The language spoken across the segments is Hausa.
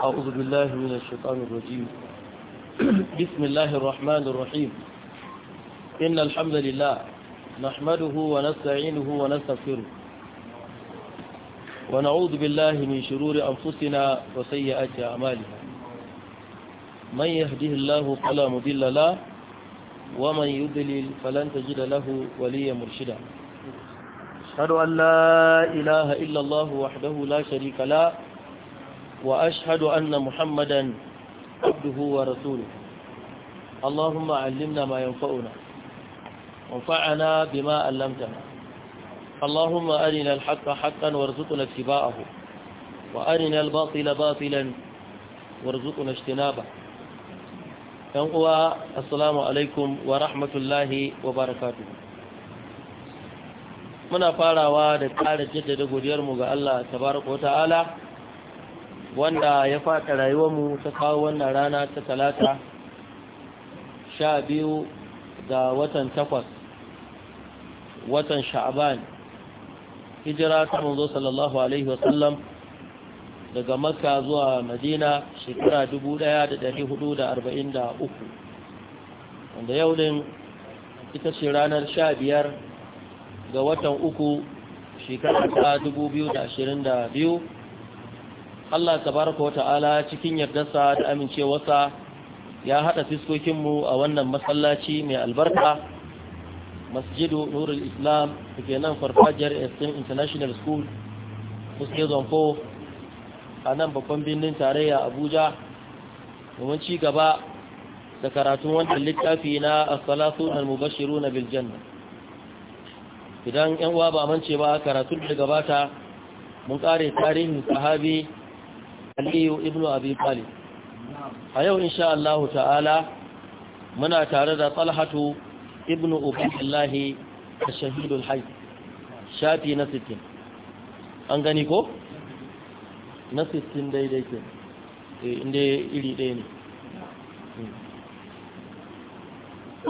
أعوذ بالله من الشيطان الرجيم بسم الله الرحمن الرحيم إن الحمد لله نحمده ونستعينه ونستغفره ونعوذ بالله من شرور أنفسنا وسيئات أعمالنا من يهده الله فلا مضل له ومن يضلل فلن تجد له وليا مرشدا أشهد أن لا إله إلا الله وحده لا شريك له وأشهد أن محمدا عبده ورسوله اللهم علمنا ما ينفعنا وانفعنا بما علمتنا اللهم أرنا الحق حقا وارزقنا اتباعه وأرنا الباطل باطلا وارزقنا اجتنابه ينقوى السلام عليكم ورحمة الله وبركاته muna farawa da ƙara jaddada godiyarmu ga Allah tabaraka wata'ala wanda ya faɗa rayuwarmu ta kawo wannan rana ta talata sha biyu ga watan takwas watan sha'aban hijira ta manzo sallallahu alaihi wasallam daga makka zuwa madina shekara 1443 wanda yau din ita ce ranar sha biyar ga watan uku shekara ta 2022 Allah tabaraka wa ta'ala cikin yardarsa da amincewarsa ya hada fiskokinmu a wannan masallaci mai albarka masjidu nurul islam da ke nan farfajiyar Eastern international school fuske zonko a nan babban birnin tarayya abuja domin ci gaba da karatun wannan littafi na asalatu na mubashiru na biljanna idan yan uwa ba mance ba karatun da gabata mun kare tarihin sahabi aliyu ibnu abi talib a yau insha Allah ta'ala muna tare da talhatu ibnu ubaydillah ash shahid al hayy shafi na 60 an gani ko na 60 daidai ke eh, inde iri dai ne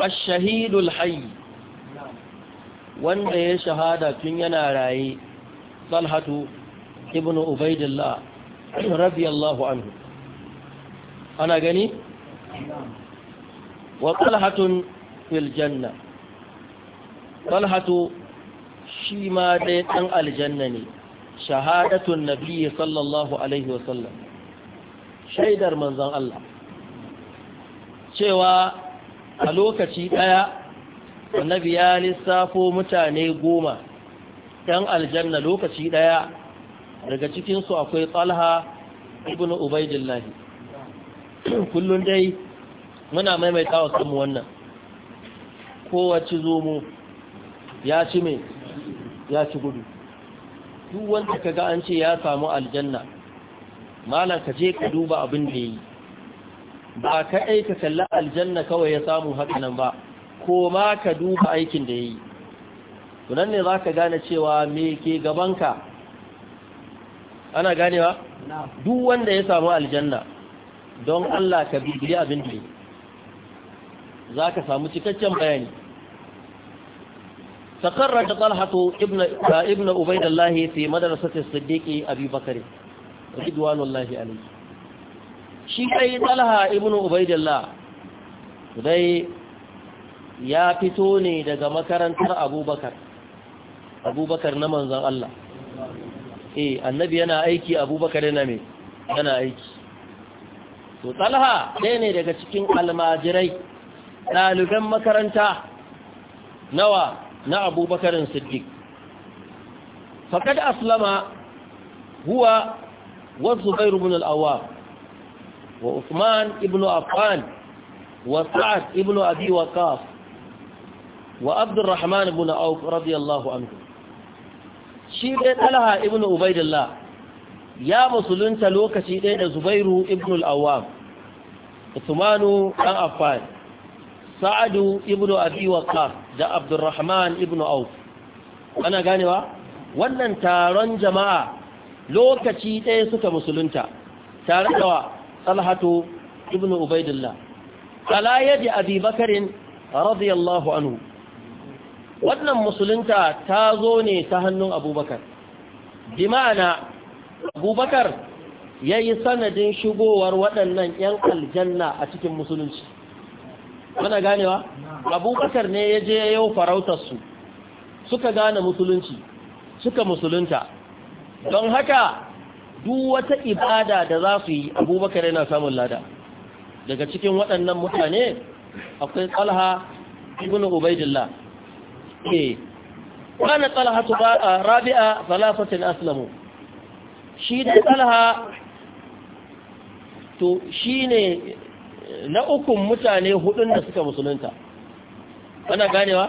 ash shahid al hayy wanda ya shahada tun yana raye talhatu ibnu ubaydillah radiyallahu anhu ana gani wa talhatun fil janna talhatu shi ma dai dan aljanna ne shahadatun nabiyyi sallallahu alaihi wasallam shaidar manzon Allah cewa a lokaci daya annabi ya lissafo mutane goma ɗan aljanna lokaci ɗaya daga cikinsu akwai talha ibn ubaidillah kullum dai muna maimaita wa samu wannan kowace zomo ya ci mai ya ci gudu duk wanda ka ga an ce ya samu aljanna malam ka je ka duba abin da yi ba ka aika kalla aljanna kawai ya samu hakanan ba ko ma ka duba aikin da yi tunan ne za ka gane cewa me ke gabanka ana ganewa duk wanda ya samu aljanna don Allah ka bibiyi abin da za ka samu cikakken bayani تقرر da talhatu ابن عبيد الله في مدرسة الصديق أبي بكر رضوان الله عليه shi kai talha ibn ubaidillah dai ya fito ne daga makarantar abubakar abubakar na manzan Allah eh annabi yana aiki abubakar yana mai yana aiki to talha ɗaya ne daga cikin almajirai ɗaliban makaranta nawa na abubakarin siddiq fakad aslama huwa wasu bai rubin al'awa wa usman ibn affan wa sa'ad ibn abi waqaf wa abdurrahman ibn auf radiyallahu anhu shi dai talha ibn ubaidillah ya musulunta lokaci ɗaya da zubairu ibn al'awam usmanu ɗan affan sa'adu ibn abi da abdurrahman ibn auf ana ganewa wannan taron jama'a lokaci ɗaya suka musulunta tare da wa talhatu ibn ubaidillah ala yadi abi bakarin radiyallahu anhu wannan musulunta ta zo ne ta hannun abubakar bi ma'ana abubakar ya yi sanadin shigowar waɗannan 'yan aljanna a cikin musulunci mana ganewa abubakar ne ya je yau farautarsu suka gane musulunci suka musulunta don haka duk wata ibada da za su yi abubakar yana samun lada daga cikin waɗannan mutane akwai tsalha ibn ubaidillah وانا طلحة رابعة rabi'a salasatin aslamu shi da نأكم to shine na ukun mutane قاني da suka musulunta ana ganewa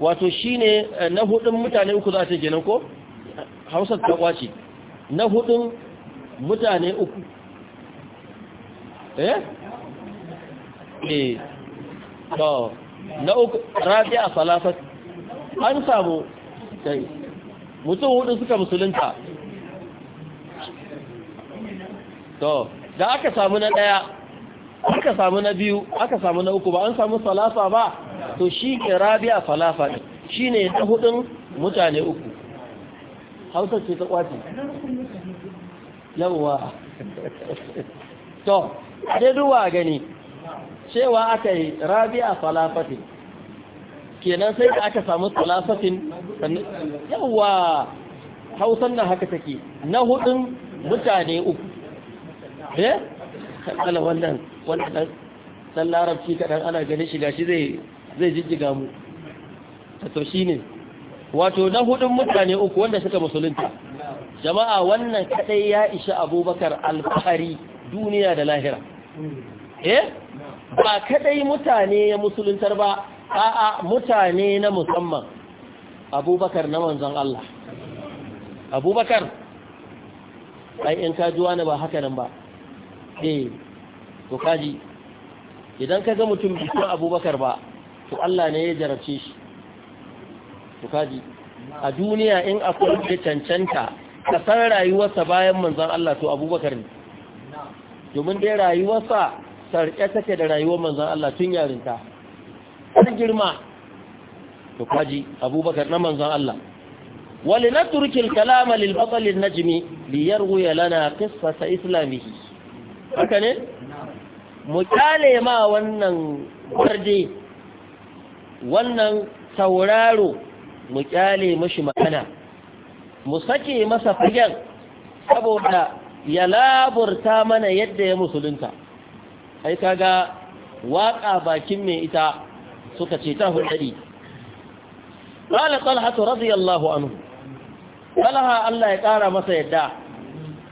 wato shine na hudun mutane uku za ta kenan ko Hausa ta kwace na hudun mutane uku eh eh to rabi'a an samu sai mutum hudu suka musulunta to da aka samu na daya aka samu na biyu aka samu na uku ba an samu salafa ba to shi ke rabia falafa ne shi ne na hudun mutane uku hausa ce ta kwace yawwa to dai duwa gani cewa aka yi rabia ne. kenan sai da aka samu tsalasatin yawa hausan nan haka take na hudun mutane uku eh kala wannan wannan dan larabci kadan ana ganin shiga shi zai zai jijjiga mu to shine wato na hudun mutane uku wanda suka musulunta jama'a wannan kadai ya ishi abubakar alfahari duniya da lahira eh ba kadai mutane ya musuluntar ba a'a mutane na musamman abubakar na manzon Allah abubakar ai in ka juwa ne ba haka nan ba eh to kaji idan ka ga mutum bikin abubakar ba to Allah ne ya jarabce shi to kaji a duniya in akwai da cancanta ka san rayuwarsa bayan manzon Allah to abubakar ne domin dai rayuwarsa sarƙe take da rayuwar manzon Allah tun yarinta ta girma to kaji abubakar na manzon Allah wale na turkin kalama lil na najmi li lana qissata islamihi haka ne mu kyale ma wannan barde wannan sauraro mu kyale mashi magana mu sake masa fagen saboda ya laburta mana yadda ya musulunta ai kaga waka bakin mai ita suka ce ta hulɗari ƙala talha radiyallahu anhu talha Allah ya ƙara masa yadda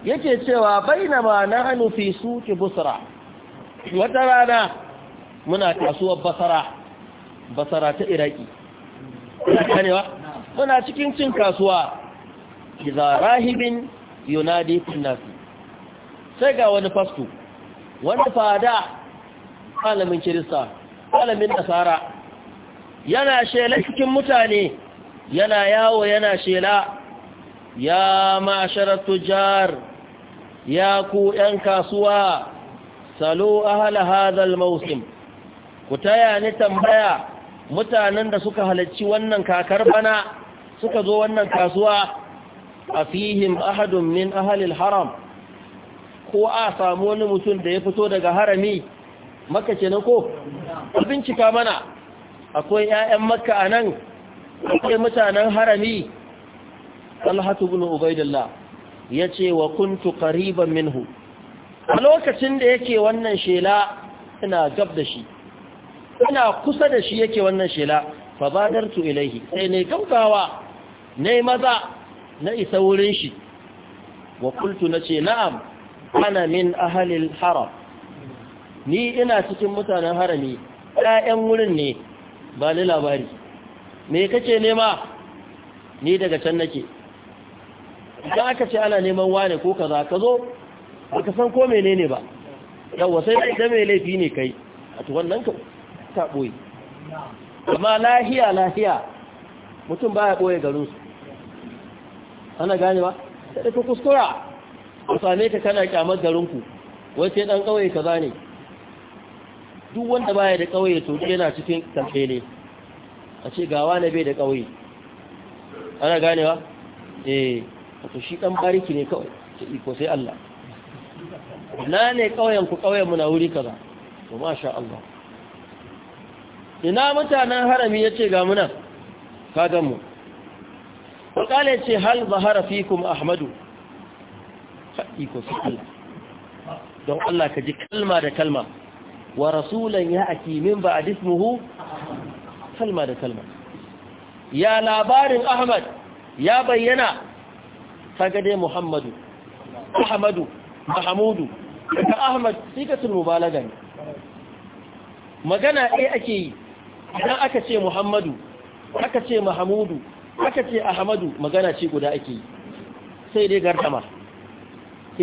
yake cewa baina na hannu fi suki busra wata rana muna kasuwar basara basara ta iraki muna cikin cin kasuwa iza rahibin yunadi kunnasi sai ga wani fasto wani fada alamin kirista alamin nasara yana shela cikin mutane yana yawo yana shela ya ma'asharar tujar ya ku 'yan kasuwa salo ahala hadal mausim ku taya ni tambaya mutanen da suka halarci wannan kakar bana suka zo wannan kasuwa a fihim ahadun min ahalil haram ko a samu wani mutum da ya fito daga harami maka ce na ko bincika mana akwai 'ya'yan maka a nan akwai mutanen harami talhatu bin ubaidillah ya ce wa kuntu minhu a lokacin da yake wannan shela ina gab da shi ina kusa da shi yake wannan shela fa ilaihi sai ne gaugawa ne maza na isa wurin shi wa na ce na'am ana min haram ni ina cikin mutanen harami Ya'yan wurin ne ba ni labari me kace nema ni daga can nake idan aka ce ana neman wane ko kaza ka zo baka san ko menene ba yawa sai da mai laifi ne kai a to wannan ka ta boye amma lahiya lahiya mutum baya boye garin su ana gane ba sai ka kuskura ku same ka kana kyamar garin ku wai sai dan kauye kaza ne duk wanda baya da ƙauye to yana cikin kamfele a ce gawa na bai da ƙauye ana ganewa eh to shi dan bariki ne kawai ce iko sai Allah na ne ƙauyen ku kauyen mu na wuri kaza to masha Allah ina mutanen harami ya ce ga muna kagan mu wakala ce hal zahara fikum ahmadu iko sai Allah don Allah ka ji kalma da kalma wa rasulan ya ati min ba ba'd ismuhu kalma da kalma ya labarin ahmad ya bayyana fagade muhammadu ahmadu mahmudu da ahmad sikatul mubalaga ne magana ɗaya ake yi idan aka ce muhammadu aka ce mahmudu aka ce ahmadu magana ce guda ake yi sai dai gardama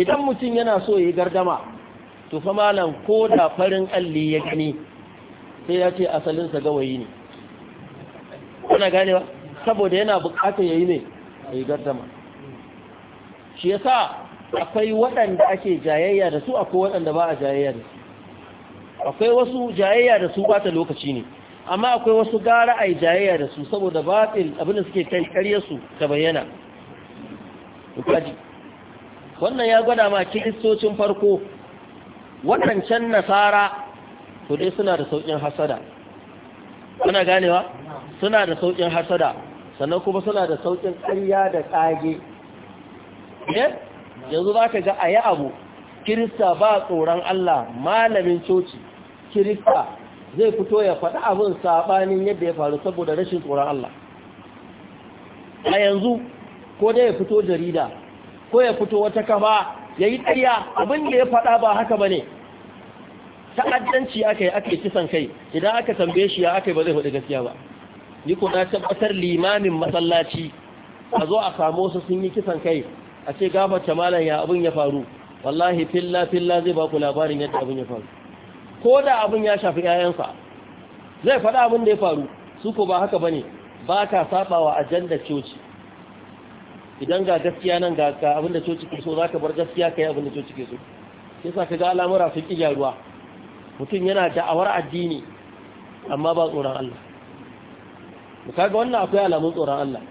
idan mutum yana so ya yi gardama to fa malam ko da farin alli ya gani sai ya ce asalinsa gawayi ne kuna gane ba saboda yana bukata yayi ne yi gardama shi yasa akwai waɗanda ake jayayya da su akwai waɗanda ba a jayayya da su akwai wasu jayayya da su bata lokaci ne amma akwai wasu gara ai jayayya da su saboda batil abin da suke kai ƙarya su ta bayyana wannan ya gwada ma kiristocin farko waɗancan nasara to dai suna da sauƙin hasada suna ganewa suna da sauƙin hasada sannan kuma suna da sauƙin ƙarya da ƙage eh? yanzu za ka ga a yi abu kirista ba tsoron Allah malamin coci kirista zai fito ya faɗi abin saɓanin yadda ya faru saboda rashin tsoron Allah a yanzu ko dai ya fito jarida ko ya fito wata kafa ya yi tsariya abin da ya faɗa ba haka ba ne ta'addanci aka yi aka yi kisan kai idan aka tambaye shi ya aka yi ba zai faɗi gaskiya ba ni ko na tabbatar limamin masallaci a zo a samu su sun yi kisan kai a ce gafarta malam ya abin ya faru wallahi filla filla zai ba ku labarin yadda abin ya faru ko da abin ya shafi 'ya'yansa zai faɗa abin da ya faru su ko ba haka ba ne ba ka saɓa wa ajandar coci idan ga gaskiya nan ga ka da coci ke so ka bar gaskiya ka yi abin da coci ke so ka ga al'amura sun ƙi gyaruwa mutum yana da'awar addini amma ba tsoron Allah mu kaga wannan akwai alamun tsoron Allah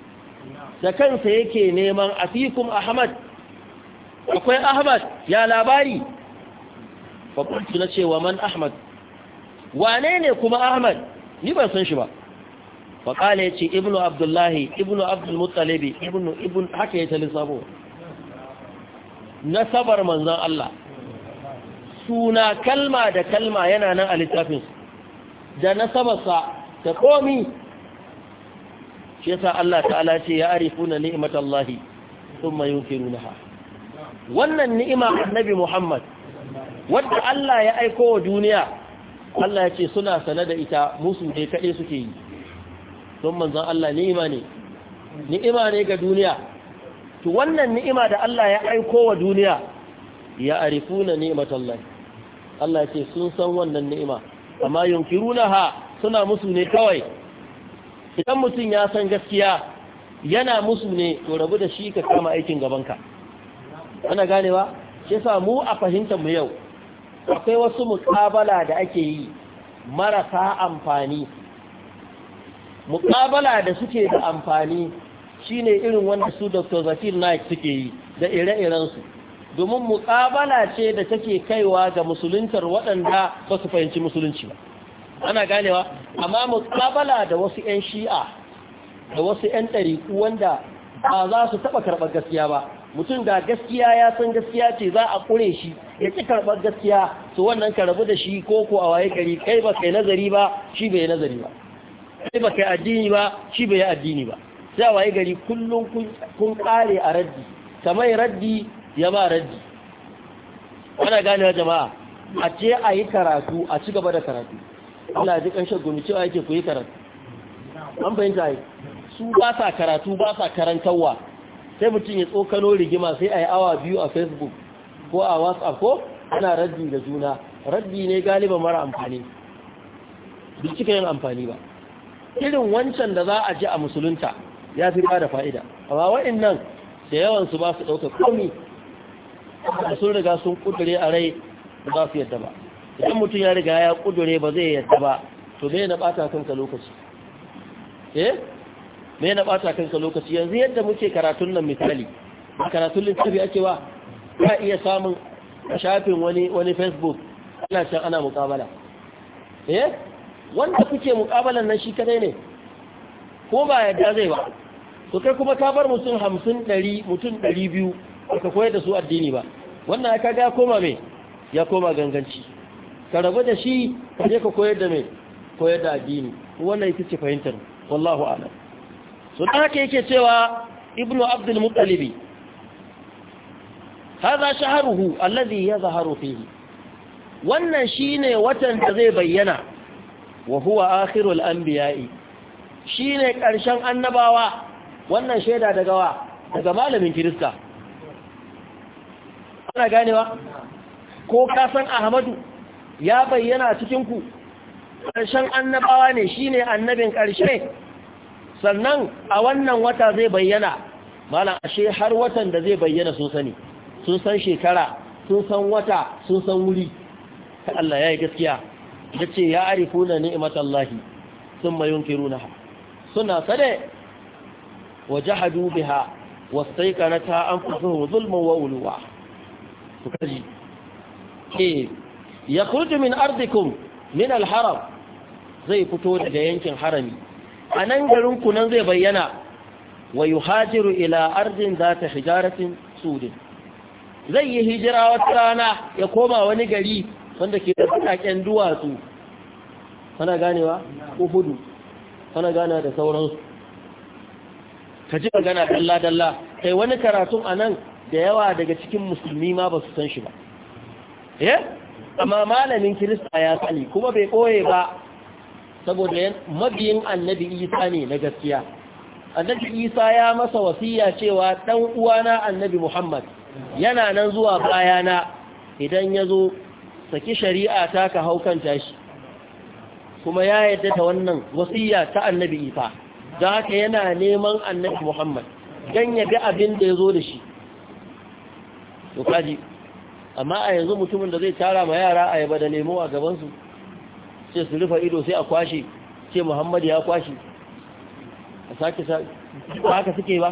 da kansa yake neman Afikun ahmad akwai ahmad ya labari babban na cewa man ahmad wane ne kuma ahmad ni ban san shi ba faƙala ya ce ibnu abdullahi ibnu abdulmuttalibi ibnu ibn haka ya ta lissafo nasabar manzan Allah suna kalma da kalma yana nan a littafinsu da nasabarsa ta komi shi yasa Allah ta'ala ce ya arifuna ni'matallahi thumma yunkirunaha wannan ni'ima annabi Muhammad wanda Allah ya aiko wa duniya Allah ya ce suna sane da ita musu dai suke yi don manzan Allah ni'ima ne ni'ima ne ga duniya to wannan ni'ima da Allah ya aiko wa duniya ya na ni'matallahi Allah ce sun san wannan ni'ima amma ha suna musu ne kawai idan mutum ya san gaskiya yana musu ne to rabu da shi ka kama aikin gabanka ana ganewa shi sa mu a fahimtar mu yau akwai wasu muƙabala da ake yi marasa amfani Mukabala da suke da amfani shine irin wanda su dr zakir naik suke yi da ire iren su, domin mukabala ce da take kaiwa ga musuluntar waɗanda ba su fahimci musulunci ba ana ganewa amma mukabala da wasu 'yan shi'a da wasu 'yan ɗariku wanda ba za su taɓa karɓar gaskiya ba mutum da gaskiya ya san gaskiya ce za a ƙure shi ya ci karɓar gaskiya su wannan ka rabu da shi ko ko a waye gari kai ba kai nazari ba shi bai nazari ba sai ba kai addini ba shi bai yi addini ba sai a waye gari kullum kun kare a raddi kamar raddi ya ba raddi gani ganewa jama'a a ce a yi karatu a ci gaba da karatu ya ji ƙanshin gumi cewa yake ku yi karatu an fahimta yi su ba sa karatu ba sa karantarwa sai mutum ya tsokano rigima sai a yi awa biyu a facebook ko a whatsapp ko ana raddi da juna raddi ne galiba mara amfani duk cika yin amfani ba irin wancan da za a ji a musulunta ya fi ba da fa'ida amma nan, da yawansu ba su ɗauka komi da sun riga sun ƙudure a rai da za su yadda ba idan mutum ya riga ya ƙudure ba zai yadda ba to me na ɓata kanka lokaci eh me na ɓata kanka lokaci yanzu yadda muke karatun nan misali karatun littafi ake ba ka iya samun shafin wani wani facebook ana can ana muƙabala eh wanda kuke mukabalan nan shi kadai ne ko ba yadda zai ba to kai kuma ka bar mutum hamsin dari, mutum 200 biyu ka koyar da su addini ba wannan ya kaga ya koma mai ya koma ganganci ka rabu da shi ka je ka koyar da mai koyar da addini wannan yake ce fahimtar wallahu a'lam so dan haka yake cewa ibnu abdul muttalib hadha shahruhu alladhi yadhharu fihi wannan shine watan da zai bayyana wa huwa akhirul anbiya'i shine karshen annabawa wannan shaida daga wa daga malamin kirista ana ganewa ko ka san ahmadu ya bayyana cikin ku karshen annabawa ne shine annabin karshe sannan a wannan wata zai bayyana malam ashe har watan da zai bayyana sun sani sun san shekara sun san wata sun san wuri Allah ya yi gaskiya yace ya arifuna ni'matallahi thumma yunkirunaha suna sade wajahadu biha wastaykanata anfusuhum zulman wa Su kaji eh yakhruju min ardikum min alharam zai fito daga yankin harami anan garin ku nan zai bayyana wa yuhajiru ila ardin zata hijaratin sudin zai yi hijira wata rana ya koma wani gari wanda ke da duwatsu kana ganewa uhudu tana gana da sauransu ka ji magana dalla-dalla kai wani karatun a nan da yawa daga cikin musulmi ma ba su san shi ba ya eh? amma malamin kirista ya sani kuma bai ɓoye ba saboda mabiyin annabi isa ne na gaskiya annabi isa ya masa wasiya cewa ɗan uwana annabi muhammad yana nan zuwa bayana idan ya zo saki shari'a ta ka hau kan tashi kuma ya yadda ta wannan wasiyya ta annabi isa da haka yana neman annabi muhammad don ya ga abin da ya zo da shi to kaji amma a yanzu mutumin da zai tara ma yara a yaba da nemo a gabansu sai su rufa ido sai a kwashe ce muhammad ya kwashe a sake sa, haka suke ba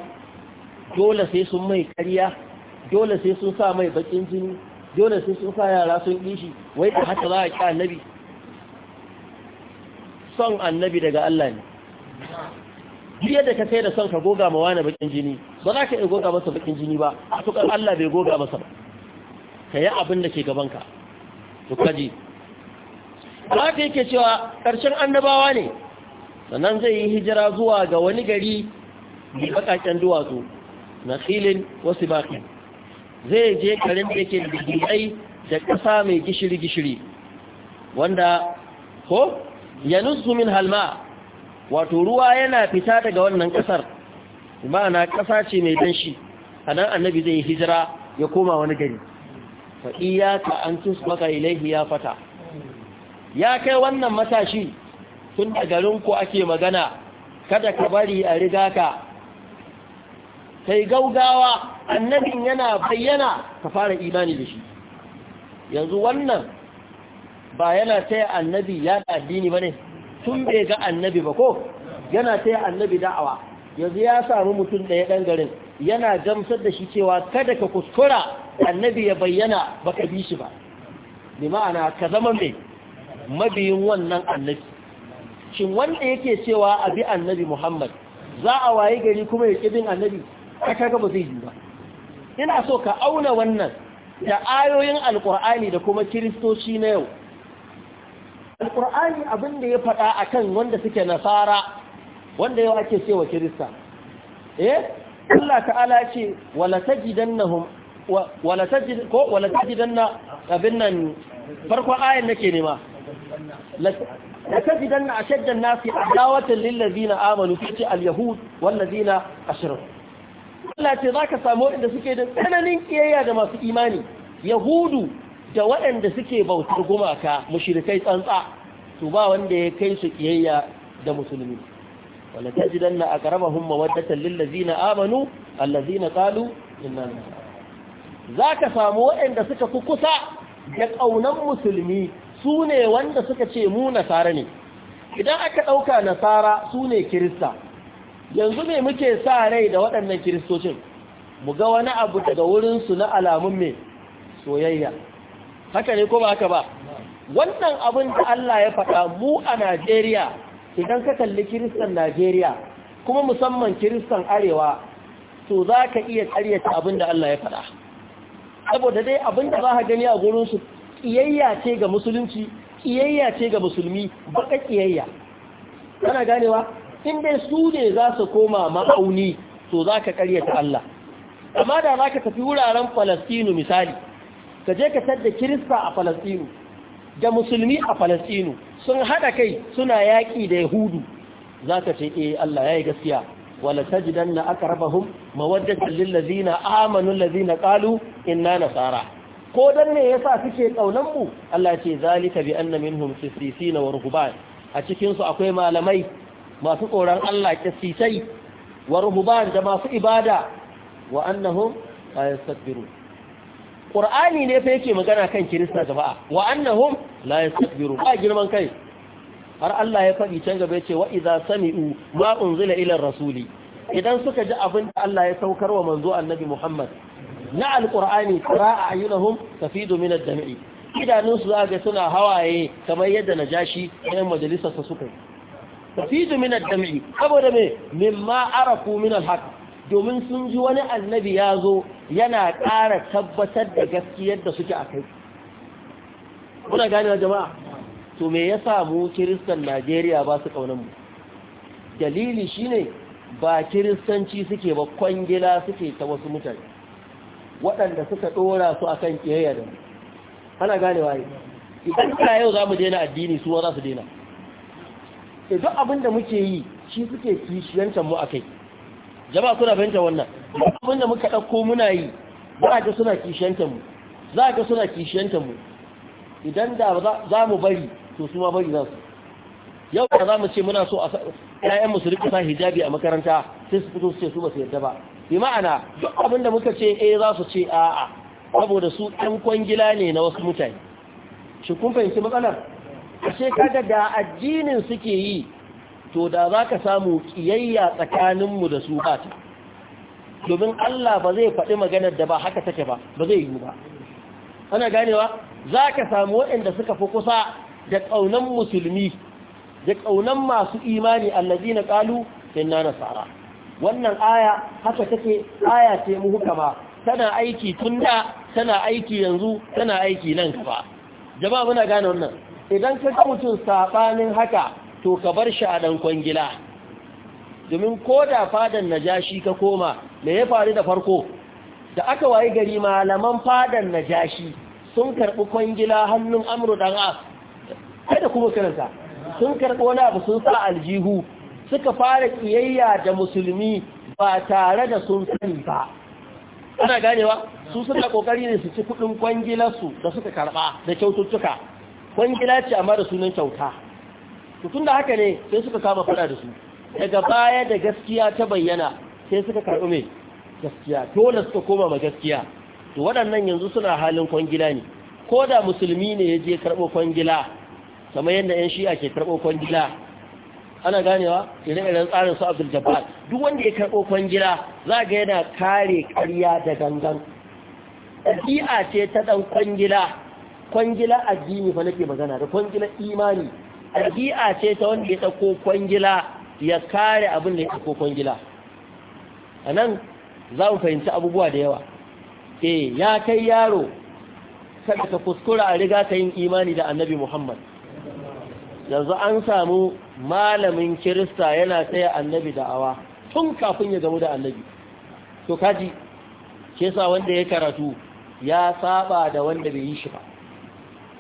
dole sai sun mai karya dole sai sun sa mai bakin jini dole sun sa yara sun ƙi shi wai da haka za a ƙi annabi son annabi daga Allah ne biyar da ka sai da son ka goga ma wani bakin jini ba za ka iya goga masa bakin jini ba a tukar Allah bai goga masa ba ka yi abin da ke gaban ka to kaji ka yake cewa ƙarshen annabawa ne sannan zai yi hijira zuwa ga wani gari mai baƙaƙen duwatsu na filin wasu bakin zai je garin da ke da ƙasa mai gishiri-gishiri wanda ko ya min halma wato ruwa yana fita daga wannan ƙasar ma'ana kasa ce mai danshi a nan annabi zai hijira ya koma wani gari ya ka an maka ilaihi ya fata ya kai wannan matashi tun da garinku ake magana kada ka bari a riga ka kai gaugawa annabin yana bayyana ka fara imani da shi yanzu wannan ba yana taya annabi ya da addini ba ne tun bai ga annabi ba ko yana taya annabi da'awa yanzu ya sami mutum ɗaya ɗan garin yana gamsar da shi cewa kada ka kuskura annabi ya bayyana ka bi shi ba bi ma'ana ka zama mai mabiyin wannan annabi shin wanda yake cewa a bi annabi muhammad za a waye gari kuma ya ƙi bin annabi a kaga ba zai yi ba yana so ka auna wannan da ayoyin alkur'ani da kuma kiristoci na yau alkur'ani abin da ya faɗa a kan wanda suke nasara wanda yau ake cewa kirista eh Allah ta'ala ce wala tajidannahum wala tajid ko wala tajidanna abin nan farkon ayan nake nema la tajidanna ashadda an-nasi adawatan lil ladina amanu fi al-yahud wal ladina ashraku Allah ce za ka samu waɗanda suke da tsananin kiyayya da masu imani yahudu da waɗanda suke bautar gumaka mushrikai tsantsa su ba wanda ya kai su kiyayya da musulmi wala humma aqrabahum mawaddatan lil ladzina amanu alladzina qalu inna za ka samu waɗanda suka fi kusa da ƙaunan musulmi su ne wanda suka ce mu nasara ne idan aka ɗauka nasara su ne kirista yanzu me muke sa rai da waɗannan kiristocin mu ga wani abu daga wurinsu na alamun mai soyayya haka ne ko ba haka ba wannan abin da Allah ya faɗa mu a Najeriya idan ka kalli kiristan Najeriya kuma musamman kiristan arewa to za ka iya karyata abin da Allah ya faɗa saboda dai abin da za ka gani a gurinsu ƙiyayya ce ga musulunci ƙiyayya ce ga musulmi baka ƙiyayya kana ganewa in dai su ne za su koma ma'auni to za ka karyata Allah amma da za ka tafi wuraren falastinu misali ka je ka tadda kirista a falastinu da musulmi a falastinu sun haɗa kai suna yaƙi da yahudu za ka ce eh Allah ya yi gaskiya wala tajidan na aka raba hum mawaddatan lillazina amanu lillazina qalu inna nasara ko dan ne yasa suke kaunan mu Allah ce zalika bi anna minhum qissisina wa ruhban a cikin su akwai malamai masu tsoron Allah kisisai wa ruhuban da masu ibada wa annahum la yastakbirun qur'ani ne fa yake magana kan kirista jama'a wa annahum la yastakbirun ba girman kai har Allah ya faɗi can gaba yace wa idza sami'u ma unzila ila rasuli idan suka ji abin da Allah ya saukar wa manzo annabi Muhammad na alqur'ani qira'a ayyunahum tafidu min ad-dam'i idanunsu za ga suna hawaye kamar yadda najashi ɗayan majalisarsa suka yi tafidu min ad-dam'i saboda me mimma arafu min al domin sun ji wani annabi ya zo yana ƙara tabbatar da gaskiyar da suke a kai kuna gane na jama'a to me ya samu kiristan najeriya ba su ƙaunar mu dalili shine ba kiristanci suke ba kwangila suke ta wasu mutane waɗanda suka ɗora su akan ƙiyayya da ana gane waye idan ka yau za mu daina addini su za su daina sai eh, duk abin da muke yi shi suke kishiyantar mu akai jama'a kuna fahimta wannan duk abin da muka ɗauko muna yi ba ga suna kishiyantar mu za ka suna kishiyantar mu idan da za mu bari to su ma bari za su yau da za mu ce muna so a ƴaƴan mu su rika sa hijabi a makaranta sai su fito su ce su ba su yarda ba bi ma'ana duk abin da muka ce eh za su ce a'a saboda su ɗan kwangila ne na wasu mutane shi kun fahimci matsalar ashe kada da addinin suke yi to da za ka samu kiyayya tsakaninmu da su bata domin Allah ba zai faɗi maganar da ba haka take ba ba zai yi ba ana ganewa za ka samu waɗanda suka fi kusa da ƙaunan musulmi da ƙaunan masu imani allazi na ƙalu na nasara wannan aya haka take aya ce mu hukama tana aiki tun da tana aiki yanzu tana aiki nan gaba jama'a muna gane wannan idan ka ga mutum saɓanin haka to ka bar shi a ɗan kwangila domin ko da fadan najashi ka koma me ya faru da farko da aka wayi gari malaman fadan najashi sun karɓi kwangila hannun amuru ɗan as kai da kuma kiransa sun karɓi wani abu sun sa aljihu suka fara kiyayya da musulmi ba tare da sun sani ba ana ganewa su suna kokari ne su ci kuɗin kwangilarsu da suka karɓa da kyaututtuka kwangila ce amma da sunan kyauta tun da haka ne sai suka kama fada da su daga baya da gaskiya ta bayyana sai suka karɓi mai gaskiya dole suka koma ma gaskiya to waɗannan yanzu suna halin kwangila ne ko da musulmi ne ya je karɓo kwangila kamar yadda 'yan shi'a ke karɓo kwangila ana ganewa ire irin tsarin su abdul jabbar duk wanda ya karɓo kwangila za ga yana kare ƙarya da gangan ɗabi'a ce ta ɗan kwangila kwangila addini fa nake magana da kwangila imani addi'a ce ta wanda ya tsako kwangila ya kare abin da ya tsako kwangila a nan za mu fahimci abubuwa da yawa eh ya kai yaro kada ka kuskura a riga ka yin imani da annabi muhammad yanzu an samu malamin kirista yana tsaye annabi da'awa tun kafin ya gamu da annabi to kaji ke sa wanda ya karatu ya saba da wanda bai yi shi ba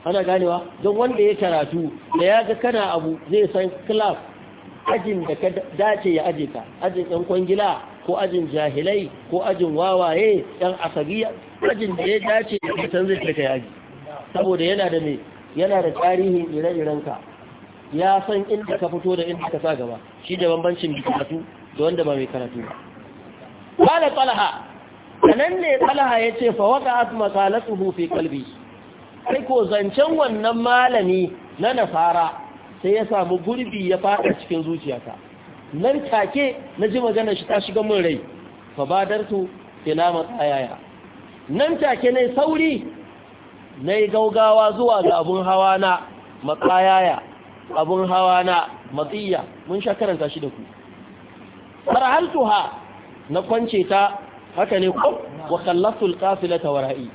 ana ganewa don wanda ya karatu da ya ga kana abu zai san klaf ajin da ka dace ya aje ka ajin ɗan kwangila ko ajin jahilai ko ajin wawaye ɗan asabiya ajin da ya dace ya san zai kai aji saboda yana da me yana da tarihi ire-iren ka ya san inda ka fito da inda ka sa gaba shi da bambancin mai karatu da wanda ba mai karatu ba qala tsalaha nan ne ya ce fa waka asu maqalatuhu hufe kalbi. sai ko zancen wannan malami na nasara sai ya samu gurbi ya fada cikin zuciyata nan take na ji magana shi ta shiga mun rai fa badartu ila matsayaya nan take ne sauri na gaugawa zuwa ga abun hawa na matsayaya abun hawa na matsiya mun sha karanta shi da ku farhaltuha na kwance ta haka ne ko wa kallatul qafilata wara'i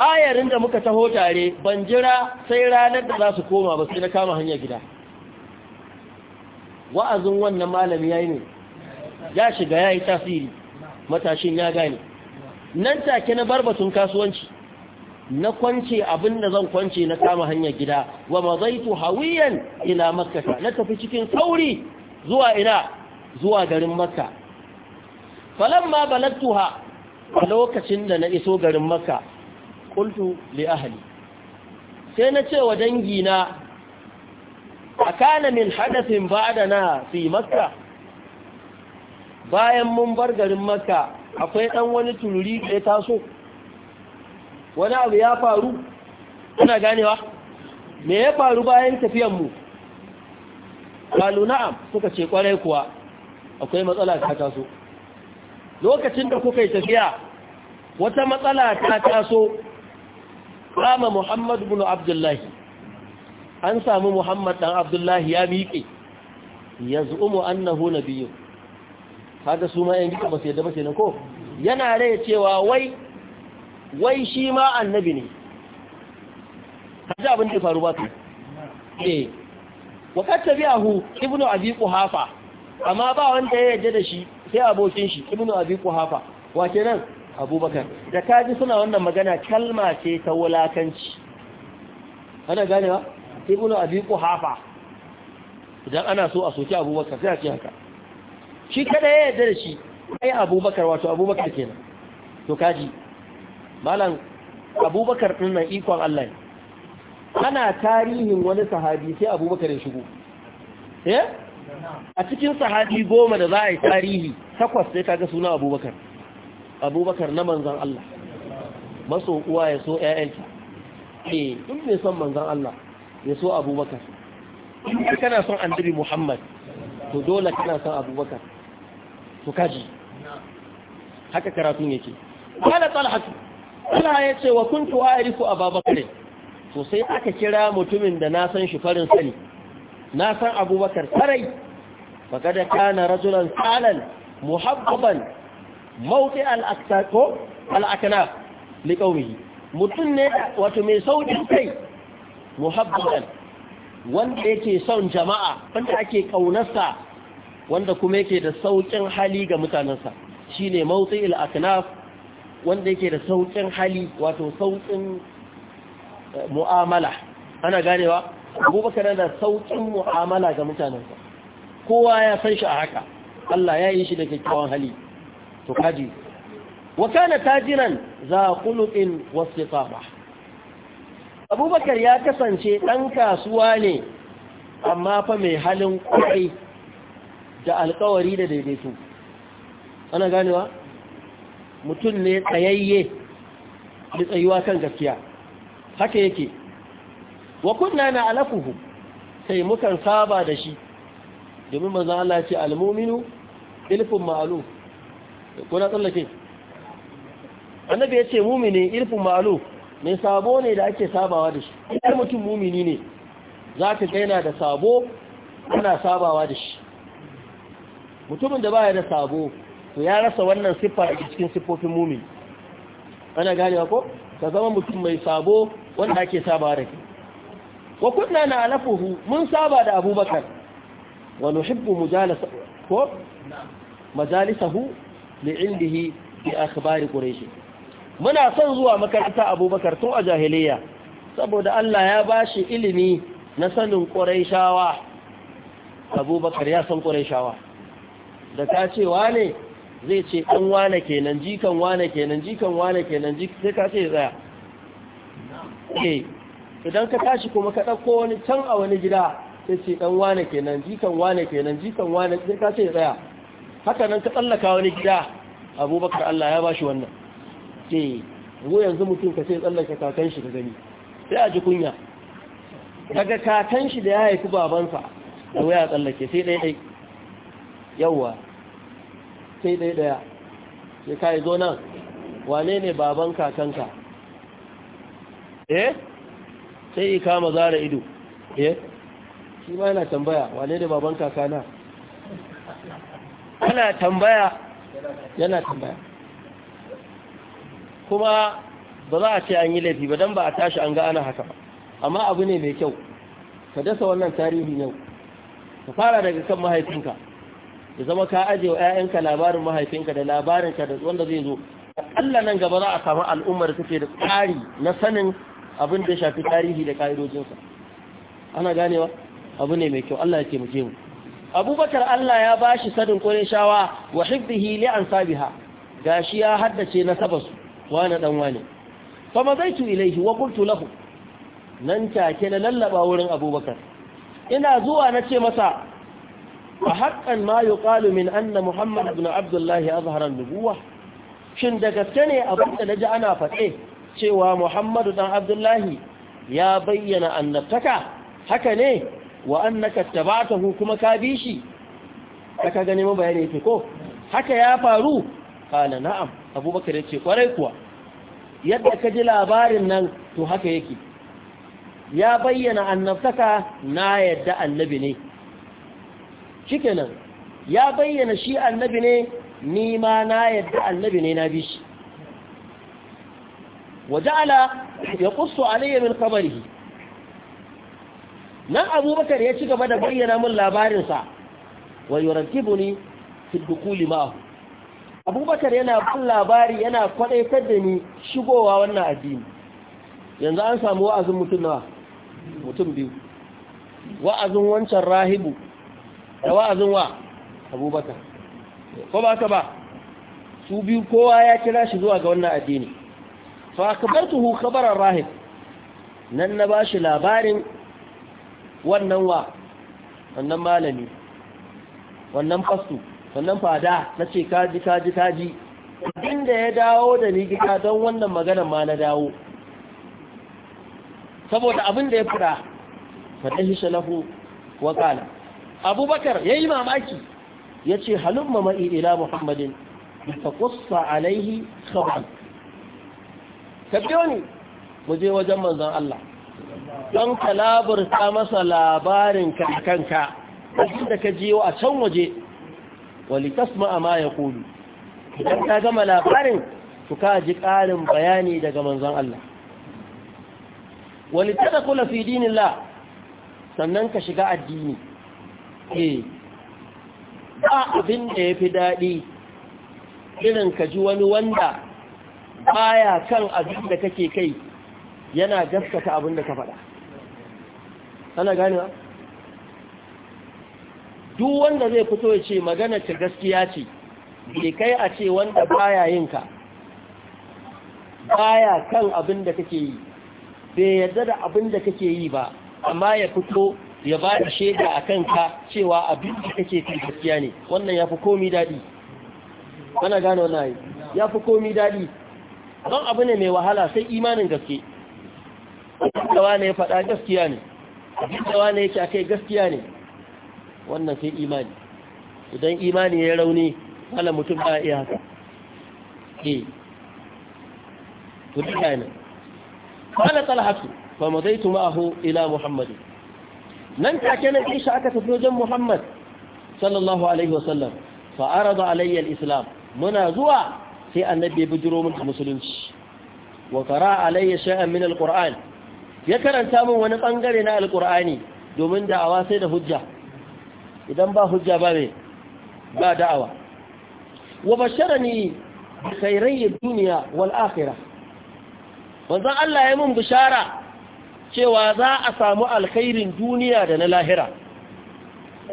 ayarin da muka taho tare ban jira sai ranar da za su koma ba su na kama hanyar gida wa'azin wannan malami ya yi ne ya shiga ya yi tasiri matashin ya gane nan take na bar batun kasuwanci na kwance abin da zan kwance na kama hanyar gida wa mazaitu hawiyan ila makka na tafi cikin sauri zuwa ina zuwa garin makka falamma tuha a lokacin da na iso garin makka kultu li ahli sai na ce wa dangina akana min hadathin ba'dana fi makka bayan mun bar garin makka akwai dan wani tururi da taso wani abu ya faru kuna ganewa me ya faru bayan tafiyan mu qalu na'am suka ce kwarai kuwa akwai matsala ta taso lokacin da kuka yi tafiya wata matsala ta taso kama muhammad bin abdullahi an samu muhammad dan abdullahi ya miƙe ya zu'umu annahu nabiyyu kaga su ma yan ba su yadda ba na ko yana rai cewa wai wai shi ma annabi ne kaji abin da ya faru ba su eh wa kattabi'ahu ibnu abi quhafa amma ba wanda ya yadda da shi sai abokin shi ibnu abi quhafa wa kenan abubakar da kaji suna wannan magana kalma ce ta wulakanci ana ganewa ibn abi quhafa idan ana so a soki abubakar sai a ce haka shi kada ya yarda da shi ai abubakar wato abubakar kenan to kaji malam abubakar din nan ikon Allah ne ana tarihin wani sahabi sai abubakar ya shigo eh a cikin sahabi goma da za a yi tarihi takwas sai kaga suna abubakar abubakar na manzan Allah maso uwa ya so ‘ya'yanta e in mai son manzan Allah ya so abubakar in kana son annabi muhammad to dole kana son abubakar to kaji haka karatun yake kala talhatu Allah ya ce wa kuntu a a'rifu abubakar to sai aka kira mutumin da na san shi farin sani na san abubakar sarai faƙada kana rajulan salan muhabbaban mawuti al'aktako al'akana liƙaunihi mutum ne wato mai saukin kai muhabbadan wanda yake son jama'a wanda ake ƙaunarsa wanda kuma yake da saukin hali ga mutanensa shi ne mawuti al'akana wanda yake da saukin hali wato saukin eh, mu'amala ana ganewa abubakar da saukin mu'amala ga mutanensa kowa ya san shi a haka Allah ya yi shi da kyakkyawan hali to kaji wa kana tajiran za khuluqin wasitaba abubakar ya kasance ɗan kasuwa ne amma fa mai halin kwai da alkawari da daidaito ana ganewa mutum ne tsayayye da tsayuwa kan gaskiya haka yake wa na alafuhu sai mukan saba da shi domin manzon Allah ya ce almu'minu ilfin ma'luf ko na tsallake annabi ya ce mumini ilfin ma'alu mai sabo ne da ake sabawa da shi idan mutum mumini ne za ka gaina da sabo ana sabawa da shi mutumin da baya da sabo to ya rasa wannan siffa a cikin siffofin mumini ana ganewa ko ka zama mutum mai sabo wanda ake sabawa da shi wa kunna na alafuhu mun saba da abubakar wa nuhibbu mujalasa ko majalisahu li'ilmihi bi akhbari quraish muna son zuwa makaranta abubakar tun a jahiliya saboda Allah ya bashi ilimi na sanin quraishawa abubakar ya san quraishawa da ka ce wane zai ce dan wane kenan jikan wane kenan jikan wane kenan jikan sai ka ce tsaya idan ka tashi kuma ka ɗauko wani can a wani gida sai ce dan wane kenan jikan wane kenan jikan wane sai ka ce tsaya haka nan ka tsallaka wani gida abubakar Allah ya bashi wannan ce mu yanzu mutum ka sai tsallaka kakan shi da gani sai a ji kunya daga kakan shi da ya haifi babansa da waya tsallake sai ɗaya ɗai yawwa sai ɗaya ɗaya sai ka yi zo nan wane ne baban kakanka eh sai yi kama zara ido eh shi ma yana tambaya wane ne baban kakana ana tambaya yana tambaya kuma ba za a ce an yi laifi ba don ba a tashi an ga ana haka ba amma abu ne mai kyau ka dasa wannan tarihin yau ka fara daga kan mahaifinka ya zama ka aje wa 'ya'yanka labarin mahaifinka da labarinka da wanda zai zo Allah nan gaba za a samu al'ummar da suke da tsari na sanin abin da ya shafi tarihi da ka'idojinsa ana ganewa abu ne mai kyau Allah ya taimake mu abubakar Allah ya ba shi sadin ƙureshawa wa hibbihi li an ga shi ya haddace na sabasu wani dan wani zai mazaitu ilaihi wa qultu lahu nan take na lallaba wurin abubakar ina zuwa na ce masa a haƙƙan ma yuqalu min anna muhammad na abdullahi azhara nubuwa shin da gaske ne abin da ji ana faɗe cewa muhammadu dan abdullahi ya bayyana annabtaka haka ne wa annaka tabatahu kuma ka bi shi aka gane mun bayani yake ko haka ya faru kala na'am abubakar ce, kwarai kuwa yadda ka ji labarin nan to haka yake ya bayyana annabtaka na yadda annabi ne nan ya bayyana shi annabi ne ni ma na yadda annabi ne na bi shi ya يقص علي من خبره nan abubakar ya ci gaba da bayyana min labarinsa wa yurantibuni fi dukuli ma'ahu abubakar yana bin labari yana kwadaitar da ni shigowa wannan addini yanzu an samu wa'azin mutum nawa mutum biyu wa'azin wancan rahibu da wa'azin wa abubakar ko ba ka ba su biyu kowa ya kira shi zuwa ga wannan addini fa akbartuhu khabaran rahib nan na bashi labarin wannan wa wannan malami wannan fasto wannan fada na ce kaji kaji kaji inda ya dawo da ni gida don wannan maganar ma na dawo saboda abin da ya fada fadahi shalahu wa qala abubakar ya yi mamaki yace halin mama'i ila muhammadin kusa alaihi biyo tabbiyoni mu je wajen manzon Allah don ka laburta masa labarin kanka da ka je a can waje wali tasma ma ya kulu idan ka gama labarin to ka ji ƙarin bayani daga manzon Allah wali ta kula fi dinillah sannan ka shiga addini eh ba abin da ya fi daɗi irin ka ji wani wanda baya kan abin da kake kai yana gaskata abin da ka faɗa ana ganewa duk wanda zai fito ya ce magana ta gaskiya ce ke kai a ce wanda baya yin ka baya kan abin da kake yi bai yarda da abin da kake yi ba amma ya fito ya ba da shaida a kanka cewa abin da kake kai gaskiya ne wannan ya fi komi daɗi ana gane wannan yi ya fi komi daɗi don abu ne mai wahala sai imanin gaske. Kawa ne ya faɗa gaskiya ne. abin da wani yake kai gaskiya ne wannan sai imani idan imani ya rauni wala mutum ba iya haka eh to duka ne qala talhatu fa tuma ma'ahu ila Muhammadu. nan take nan Aisha aka tafi wajen Muhammad sallallahu alaihi wasallam fa arada alayya al-islam muna zuwa sai annabi ya bijiro min musulunci wa qara alayya shay'an min al-qur'an ya karanta min wani bangare na alkur'ani domin da'awa sai da hujja idan ba hujja ba ne ba da'awa wa basharani bi khairai dunya wal akhirah wanzan Allah ya mun bishara cewa za a samu alkhairin duniya da na lahira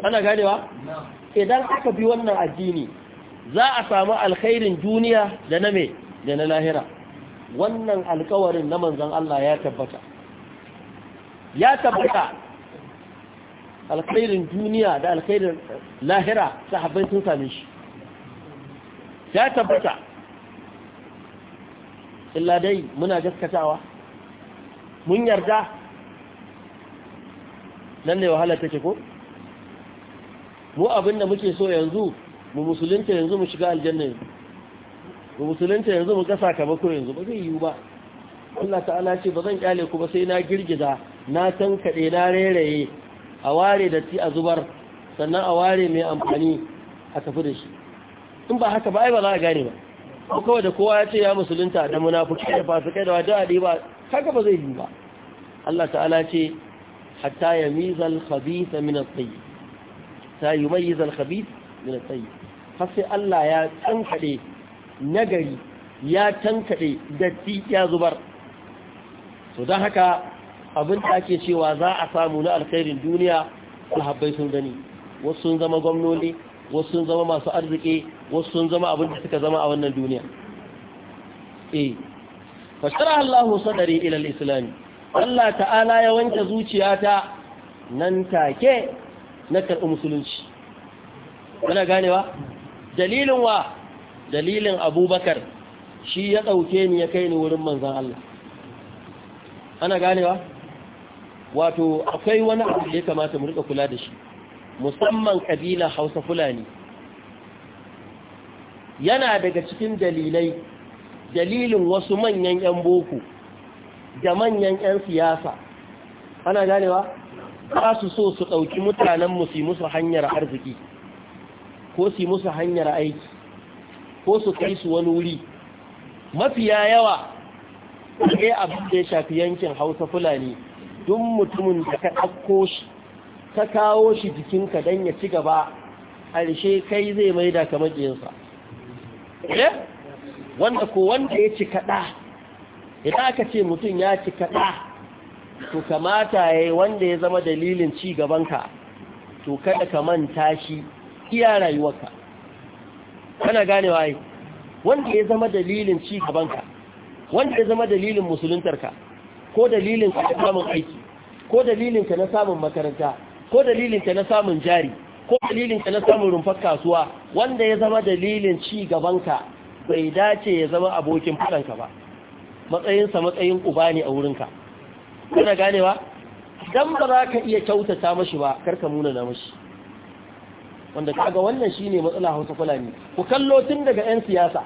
ana ganewa idan aka bi wannan addini za a samu alkhairin duniya da na me da na lahira wannan alkawarin na manzan Allah ya tabbata ya tabbata alkhairin duniya da alkhairin lahira sahabbai sun same shi ya tabbata illa dai muna gaskatawa mun yarda nan ne wahala take ko mu abinda muke so yanzu mu musulunta yanzu mu shiga aljanna yanzu mu musulunta yanzu mu ga sakamako yanzu ba zai yiwu ba Allah ta'ala ce ba zan kyale ku ba sai na girgiza na tankaɗe na rairaye a ware datti a zubar sannan a ware mai amfani a tafi da shi in ba haka ba ai ba za a gane ba ko kawai da kowa ya ce ya musulunta da munafuki da kai da wajen haɗe ba haka ba zai yi ba Allah ta'ala ce hatta ya mizal khabitha min at-tayyib ta yumayyiz al-khabith min at-tayyib fa sai Allah ya tankade nagari ya tankade datti ya zubar to dan haka abin da ake cewa za a samu na alkhairin duniya habbai sun gani wasu sun zama gwamnoni wasu sun zama masu arziki wasu sun zama abin da suka zama a wannan duniya eh fa shara Allah sadari ila al-islam Allah ta'ala ya wanke zuciyata nan take na karɓi musulunci kana ganewa dalilin wa dalilin abubakar shi ya dauke ni ya kai ni wurin manzan Allah ana ganewa wato akwai wani abu da ya kamata mu rika kula da shi musamman kabila hausa fulani yana daga cikin dalilai dalilin wasu manyan 'yan boko da manyan 'yan siyasa ana ganewa ba su so su ɗauki mutanenmu su musu hanyar arziki ko su musu hanyar aiki ko su kai su wani wuri mafiya yawa ɗaya abin da ya shafi yankin hausa fulani duk mutumin da ka ɗauko shi ka kawo shi jikinka don ya ci gaba harshe kai zai mai da kamar jinsa eh? wanda ko wanda ya ci kaɗa idan aka ce mutum ya ci kaɗa to kamata ya yi wanda ya zama dalilin ci gabanka to kada ka manta shi iya rayuwarka kana gane yi wanda ya zama dalilin ci gabanka wanda ya zama dalilin musuluntarka ko dalilin na samun aiki ko dalilin na samun makaranta ko dalilin ka na samun jari ko dalilin ka na samun rumfar kasuwa wanda ya zama dalilin ci gaban ka bai dace ya zama abokin fadanka ba matsayinsa matsayin uba ne a wurinka kana ganewa dan ba za ka iya kyautata mashi ba karka muna na mashi wanda kaga wannan shine matsala Hausa Fulani ku kallo tun daga 'yan siyasa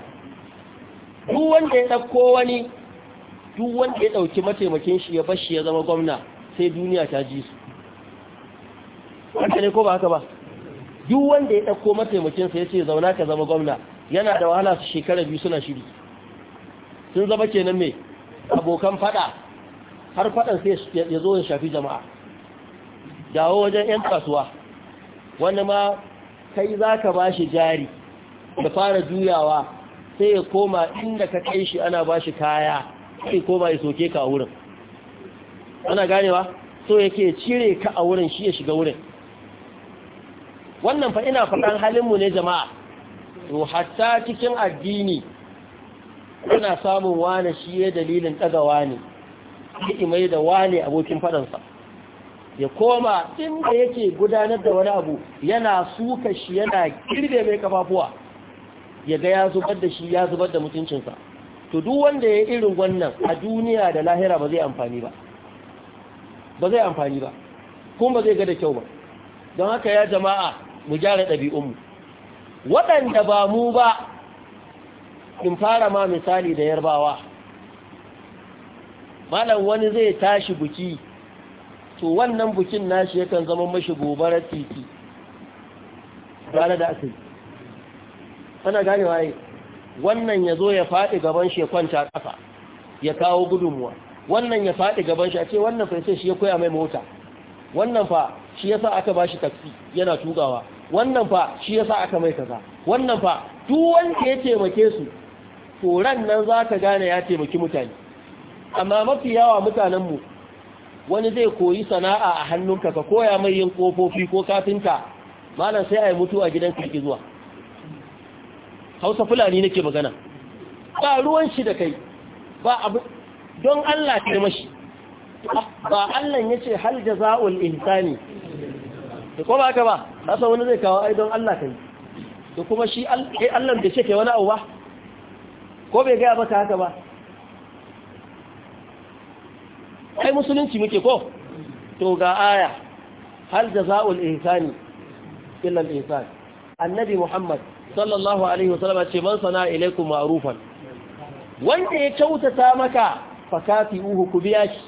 duk wanda ya dauko wani duk wanda ya ɗauki mataimakin shi ya bashi ya zama gwamna sai duniya ta ji su ko ba haka ba duk wanda ya ɗauko mataimakinsa ya ce zauna ka zama gwamna yana da wahala su shekara biyu suna shiri sun zama kenan mai abokan fada har fadan sai ya zo ya shafi jama'a dawo wajen 'yan kasuwa wani ma kai za ka ba shi jari da fara juyawa sai ya koma inda ka kai shi ana ba shi kaya ko koma ya soke ka a wurin ana ganewa so yake cire ka a wurin shi ya shiga wurin wannan fa ina faɗan halinmu ne jama'a to hatta cikin addini ana samun wane shi ya dalilin ɗaga wane ya mai da wane abokin faɗansa ya koma inda yake gudanar da wani abu yana suka shi yana girbe mai kafafuwa ya ga ya zubar da shi ya zubar da mutuncinsa to duk wanda ya irin wannan a duniya da lahira ba zai amfani ba ba zai amfani ba kuma ba zai ga da kyau ba don haka ya jama'a mu gyara ɗabi'unmu waɗanda ba mu ba in fara ma misali da yarbawa malam wani zai tashi buki to wannan bukin nashi yakan zama mashi gobarar titi gane da asiri ana ganewa yi wannan ya zo ya faɗi gaban shi ya kwanta ƙasa ya kawo gudunmuwa wannan ya faɗi gaban shi a ce wannan fa sai shi ya koya mai mota wannan fa shi yasa aka bashi taksi yana tugawa wannan fa shi yasa aka mai kaza wannan fa duk wanda ya taimake su to ran nan ka gane ya taimaki mutane amma mafi yawa mutanenmu wani zai koyi sana'a a hannunka ka koya mai yin kofofi ko kafinta malam sai a yi mutu a gidan kirki zuwa hausa fulani nake magana ba ruwan shi da kai ba abu don Allah ta mashi ba Allah ya ce hal jaza'ul insani da ko ba ka ba asa wani zai kawo ai don Allah kai da kuma shi eh, Allah da ce wani abu ba ko bai gaya maka haka ba ai musulunci muke ko to ga aya hal jaza'ul insani illa al-insan annabi Muhammad sallallahu alaihi wasallam ce man sana ilaikum ma'rufan wanda ya kyautata maka fakati uhu ku biya shi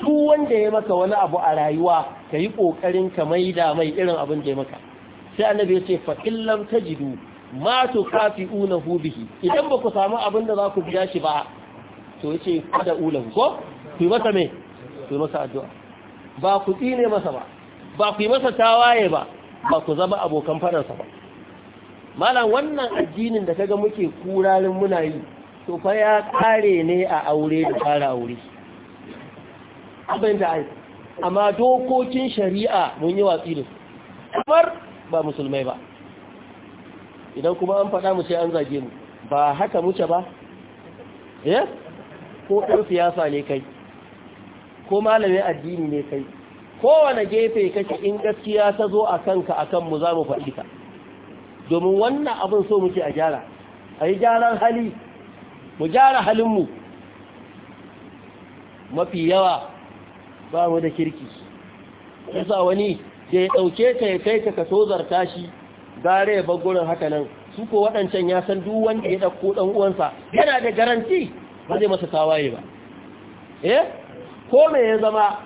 duk wanda ya maka wani abu a rayuwa kayi kokarin ka maida mai irin abin da ya maka sai annabi ya ce fa illam tajidu ma tukafi'unahu bihi idan ba ku samu abin da za ku biya shi ba to yace kada ulahu ko ku yi masa me ku yi masa addu'a ba ku tsine masa ba ba ku yi masa tawaye ba ba ku zama abokan fadarsa ba malam wannan addinin da kaga muke kurarin muna yi to fa ya kare ne a aure da fara aure abin da ai amma dokokin shari'a mun yi watsi da kamar ba musulmai ba idan kuma an faɗa mu sai an zage mu ba haka muke ba eh ko ɗan siyasa ne kai ko malamin addini ne kai kowane gefe kake in gaskiya ta zo a kanka a kanmu za mu faɗi ka. domin wannan abin so muke a gyara a yi gyaran hali mu gyara halinmu mafi yawa ba mu da kirki yasa wani da ya ɗauke ta ya kai ta kaso zarta shi gare ya bagurin haka nan su ko waɗancan ya san duk wanda ya ɗauko ɗan uwansa yana da garanti ba zai masa tawaye ba eh ko me ya zama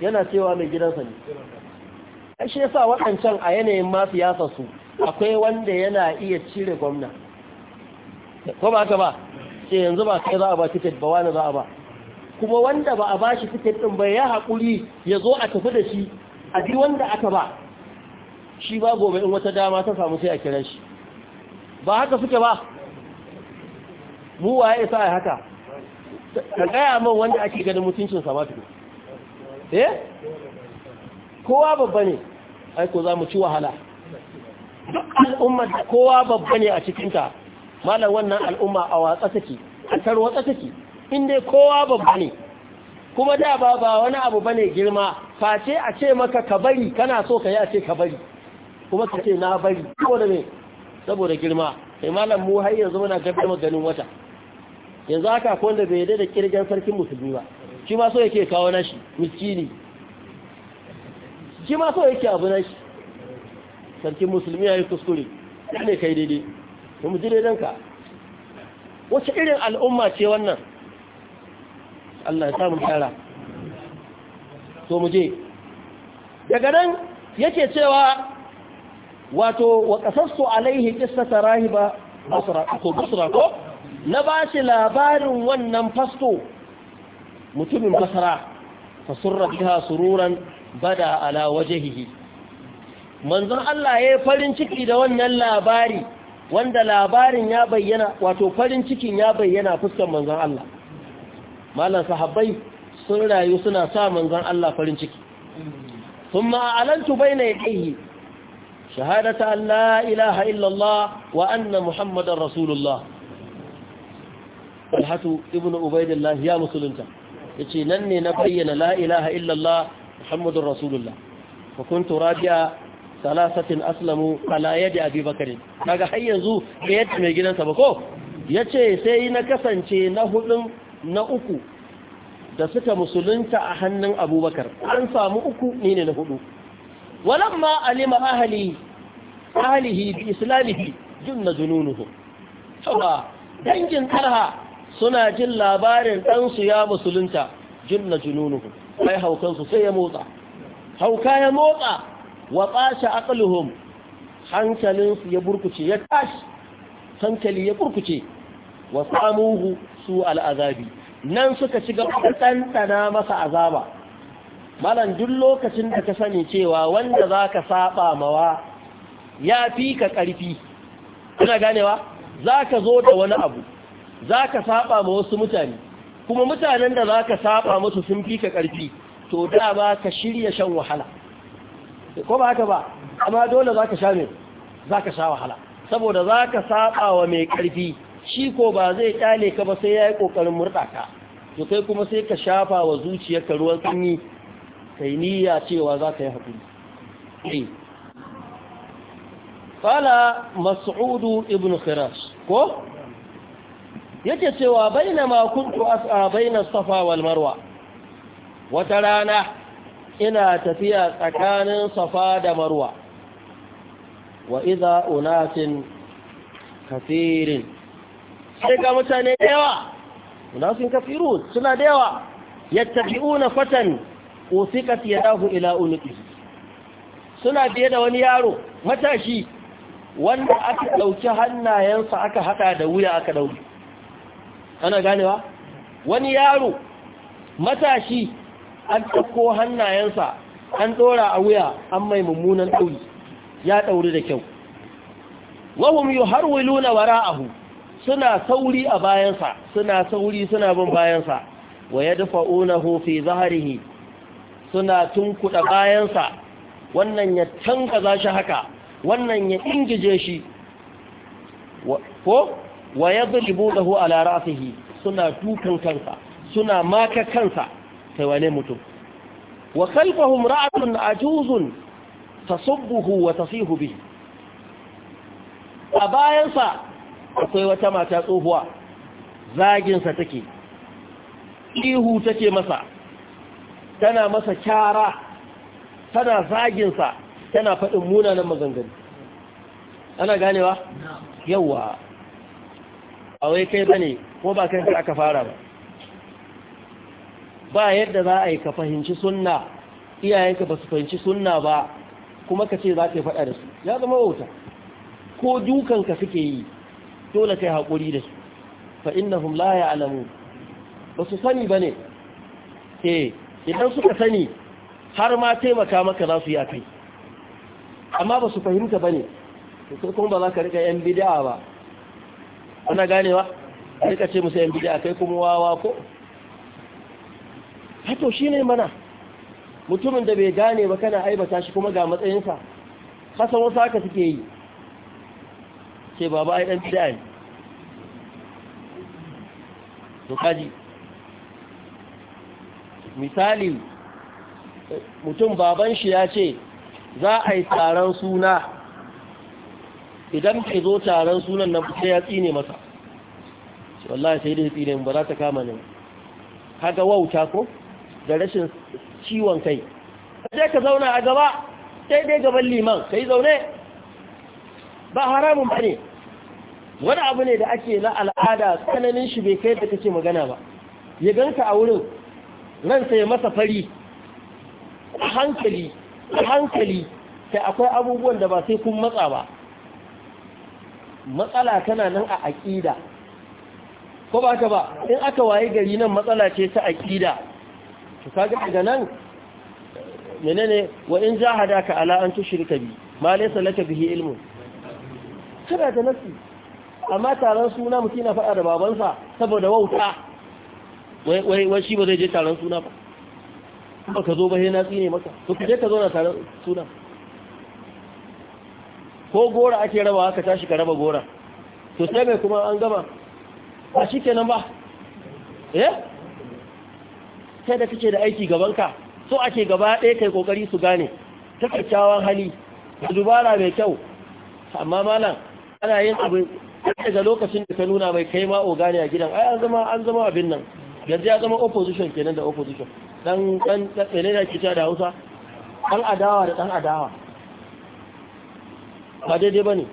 yana cewa mai gidansa ne ashe sa waɗancan a yanayin ma su akwai wanda yana iya cire gwamna ko ba ka ba sai yanzu ba kai za a ba tiket ba wani za a ba kuma wanda ba a ba shi tiket din, bai ya haƙuri ya zo a tafi da shi a ji wanda aka ba shi ba gobe in wata dama ta samu sai a kiran shi ba haka suke ba mu waye sa a haka ka gaya man wanda ake ganin mutuncin ba tuku eh kowa babba ne aiko za mu ci wahala duk al'ummar da kowa babba ne a cikinta malam wannan al'umma a watsa take a tarwatsa take inda kowa babba ne kuma da ba ba wani abu bane girma face a ce maka ka bari kana so ka yi a ce ka bari kuma ka ce na bari saboda me saboda girma sai malam mu har yanzu muna gabar maganin wata yanzu haka ko wanda bai da kirgan sarkin musulmi ba shi ma so yake kawo nashi miskini shi ma so yake abu nashi sarkin musulmi ya yi kuskure ya ne kai daidai ba mu ji daidanka wace irin al'umma ce wannan Allah ya samu tara to mu je daga nan yake cewa wato wa qasastu alaihi qissata rahiba basra ko basra na ba shi labarin wannan fasto mutumin basra fasurra biha sururan bada ala wajhihi manzon Allah ya yi farin ciki da wannan labari wanda labarin ya bayyana wato farin cikin ya bayyana fuskar manzon Allah malan sahabbai sun rayu suna sa manzon Allah farin ciki thumma alantu baina yadayhi shahadata an la ilaha illallah wa anna muhammadar rasulullah alhatu ibnu ubaidillah ya musulunta yace nan ne na bayyana la ilaha illallah muhammadur rasulullah fa kuntu rabi'a salasatin aslamu ala yadi abi bakari daga har yanzu da yadda mai gidansa ba ko yace sai na kasance na hudun na uku da suka musulunta a hannun abubakar an samu uku ne ne na hudu walamma alima ahli ahlihi bi islamihi junna jununuhu saboda dangin tarha suna jin labarin ɗansu ya musulunta junna jununuhu sai haukansu sai ya motsa hauka ya motsa wa qasha aqluhum hankalinsu ya burkuce ya tashi hankali ya burkuce wa samuhu su al'azabi nan suka ci gaba tantana masa azaba malan duk lokacin da ka sani cewa wanda zaka saba mawa ya fi ka ƙarfi kuna ganewa zaka zo da wani abu zaka saba ma wasu mutane kuma mutanen da zaka saba musu sun fi ka ƙarfi to da ba ka shirya shan wahala ko ba haka ba amma dole za ka sha mai za ka sha wahala saboda za ka saba wa mai karfi shi ko ba zai kyale ka ba sai ya yi ƙoƙarin murɗaka ka to kai kuma sai ka shafa wa ka ruwan sanyi kai niyya cewa za ka yi haƙuri Fala eh. mas'udu ibn khiras ko yake cewa baina ma kuntu as'a baina safa wal marwa wata rana ina tafiya tsakanin safa da marwa wa iza unatin kafirin sai ga mutane da yawa kafiru kafirun suna da yawa yattabi'una fatan usiqat yadahu ila unqi suna biye da wani yaro matashi wanda aka dauki hannayensa aka hada da wuya aka dauki ana ganewa wani yaro matashi an ɗauko hannayensa an ɗora a wuya an mai mummunan ɗauri ya ɗauri da kyau wahum yi har wiluna wara'ahu suna sauri a bayansa suna sauri suna bin bayansa wa ya dafa unahu fi zaharihi suna tunkuɗa bayansa wannan ya tankaza shi haka wannan ya ingije shi ko wa ya zuribu da hu a lara suna dukan kansa suna maka kansa kai wane mutum wa khalfahum ra'atun ajuzun tasubbuhu wa tasihu bihi a bayansa akwai wata mata tsohuwa zaginsa take ihu take masa tana masa kyara tana zaginsa tana faɗin munanan maganganu ana ganewa yawa a wai kai bane ko ba kanka aka fara ba ba yadda za a yi ka fahimci suna iyayenka ba su fahimci suna ba kuma ka ce za ka yi faɗa da su ya zama wauta ko dukanka suke yi dole ka yi haƙuri da su fa innahum la alamu ba su sani ba ne E, idan suka sani har ma taimaka maka za su yi akai amma ba su fahimta ba ne sai kuma ba za ka rika yan bid'a ba ana ganewa rika ce musu yan bid'a kai kuma wawa ko hato shi ne mana mutumin da bai gane ba kana aibata shi kuma ga matsayinsa kasan wasu haka suke yi ce baba ai dan bid'a ne to kaji misali mutum baban shi ya ce za a yi taron suna idan ka zo taron sunan nan sai ya tsine masa wallahi sai dai tsine ba za ta kama ne kaga wauta ko da rashin ciwon kai kaje ka zauna a gaba sai dai gaban liman kai zaune ba haramun ba ne. wani abu ne da ake na al'ada tsananin shi bai kai da kake magana ba ya ganka a wurin ransa sai masa fari a hankali a hankali sai akwai abubuwan da ba sai kun matsa ba matsala tana nan a aƙida ko ba ka ba in aka waye gari nan matsala ce ta aƙida to kaga daga nan menene wa in ka ala an shirka bi ma laysa laka bihi ilmu kana da nasi amma taron suna mutum na faɗa da babansa saboda wauta wai wai shi ba zai je taron suna ba ba ka zo ba sai na tsine maka to ku je ka zo na taron suna ko gora ake raba haka tashi ka raba gora to sai mai kuma an gama a shi kenan ba eh kai da kake da aiki gabanka so ake gaba ɗaya kai kokari su gane ta kyakkyawan hali da dubara mai kyau amma malam ana yin abu ga lokacin da ka nuna mai kai ma gane a gidan ai an zama an zama abin nan yanzu ya zama opposition kenan da opposition dan dan tsene da kita da Hausa dan adawa da dan adawa ba daidai bane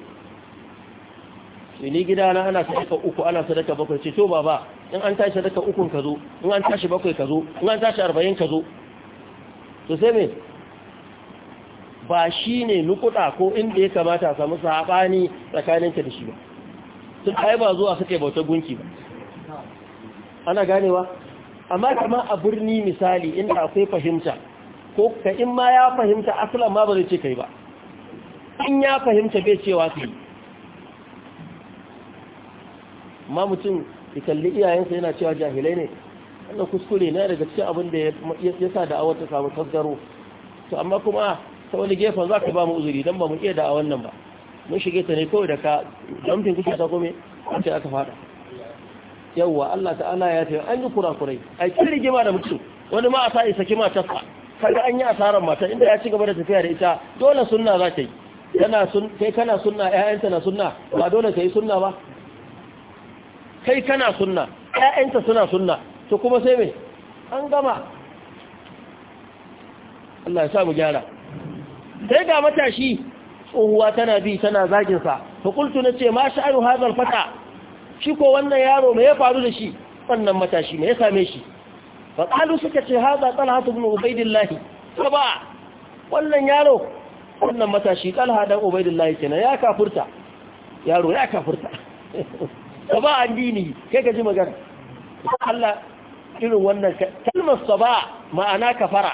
ni gidana ana sadaka uku ana sadaka bakwai ce to baba in an tashi daga ukun ka zo in an tashi bakwai ka zo in an tashi arba'in ka zo to sai me ba shi ne nukuta ko inda ya kamata a samu saɓani tsakaninka da shi ba sun ai ba zuwa suke bauta gunki ba ana ganewa amma kama a birni misali inda akwai fahimta ko ka in ma ya fahimta asalan ma ba zai ce kai ba in ya fahimta bai cewa kai ma mutum ya kalli iyayensa yana cewa jahilai ne wannan kuskure na daga cikin abin da ya sa awar ta samu tasgaro to amma kuma ta wani gefen za ka ba mu uzuri don ba mu iya da'a wannan ba mun shige ta ne kawai da ka zamfin kusa ta kome a ce aka fada yawwa Allah ta'ala ya tafi an yi kurakurai a cikin rigima da mutum wani ma a sa isa kima ta kada kaga an yi asarar mata inda ya ci gaba da tafiya da ita dole sunna za ta yi kana kai kana sunna ƴaƴanta na sunna ba dole ka yi sunna ba kai kana sunna ƴaƴanta suna sunna to kuma sai me an gama Allah ya sa mu gyara sai ga matashi tsohuwa tana bi tana zagin sa to kultu nace ma sha'anu hadal fata shi ko wannan yaro me ya faru da shi wannan matashi me ya same shi fa qalu suka ce hada talha ibn ubaidillah saba wannan yaro wannan matashi talha dan ubaidillah kenan ya kafurta yaro ya kafurta saba addini kai ka ji magana Allah irin wannan kalmar saba ma'ana kafara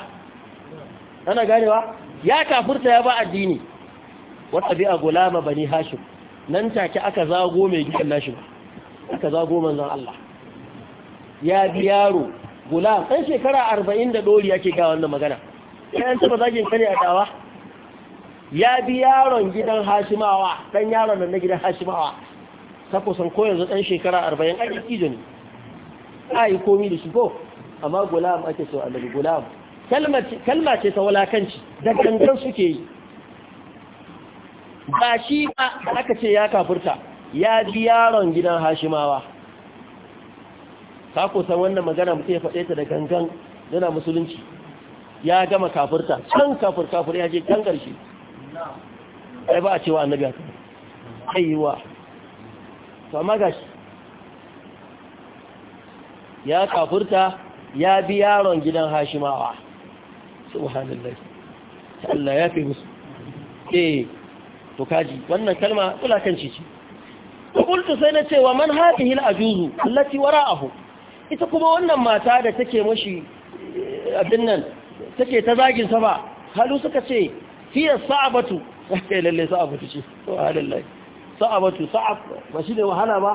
ana ganewa ya kafurta ya ba addini wata bi a gulama bani hashim nan take aka zago mai gidan nashi aka zago manzon Allah ya bi yaro gulam ɗan shekara arba'in da ɗori yake ga wannan magana Sai an taɓa zagin kane a dawa ya bi yaron gidan hashimawa ɗan yaron nan na gidan hashimawa ta kusan ko yanzu ɗan shekara arba'in a ƙiƙijo ne a yi komi da shi ko amma gulam ake so annabi gulam kalma ce ta walakanci da gangan suke yi ba shi ba aka ce ya kafurta ya bi yaron gidan hashimawa ka kusan wannan magana mutum ya faɗe ta da gangan yana musulunci ya gama kafurta can kafur kafur ya je can ƙarshe ai ba a cewa annabi yi aiwa to magashi ya kafurta ya bi yaron gidan hashimawa subhanallahi Allah ya fi musu eh to kaji wannan kalma kula kan ce kulta sai na cewa man hadhihi al-ajuzu allati wara'ahu ita kuma wannan mata da take mashi eh, abin nan take ta zagin sa ba halu suka ce fiye sa'abatu sai lalle sa'abatu ce subhanallah sa'abatu sa'ab ba shi ne wahala ba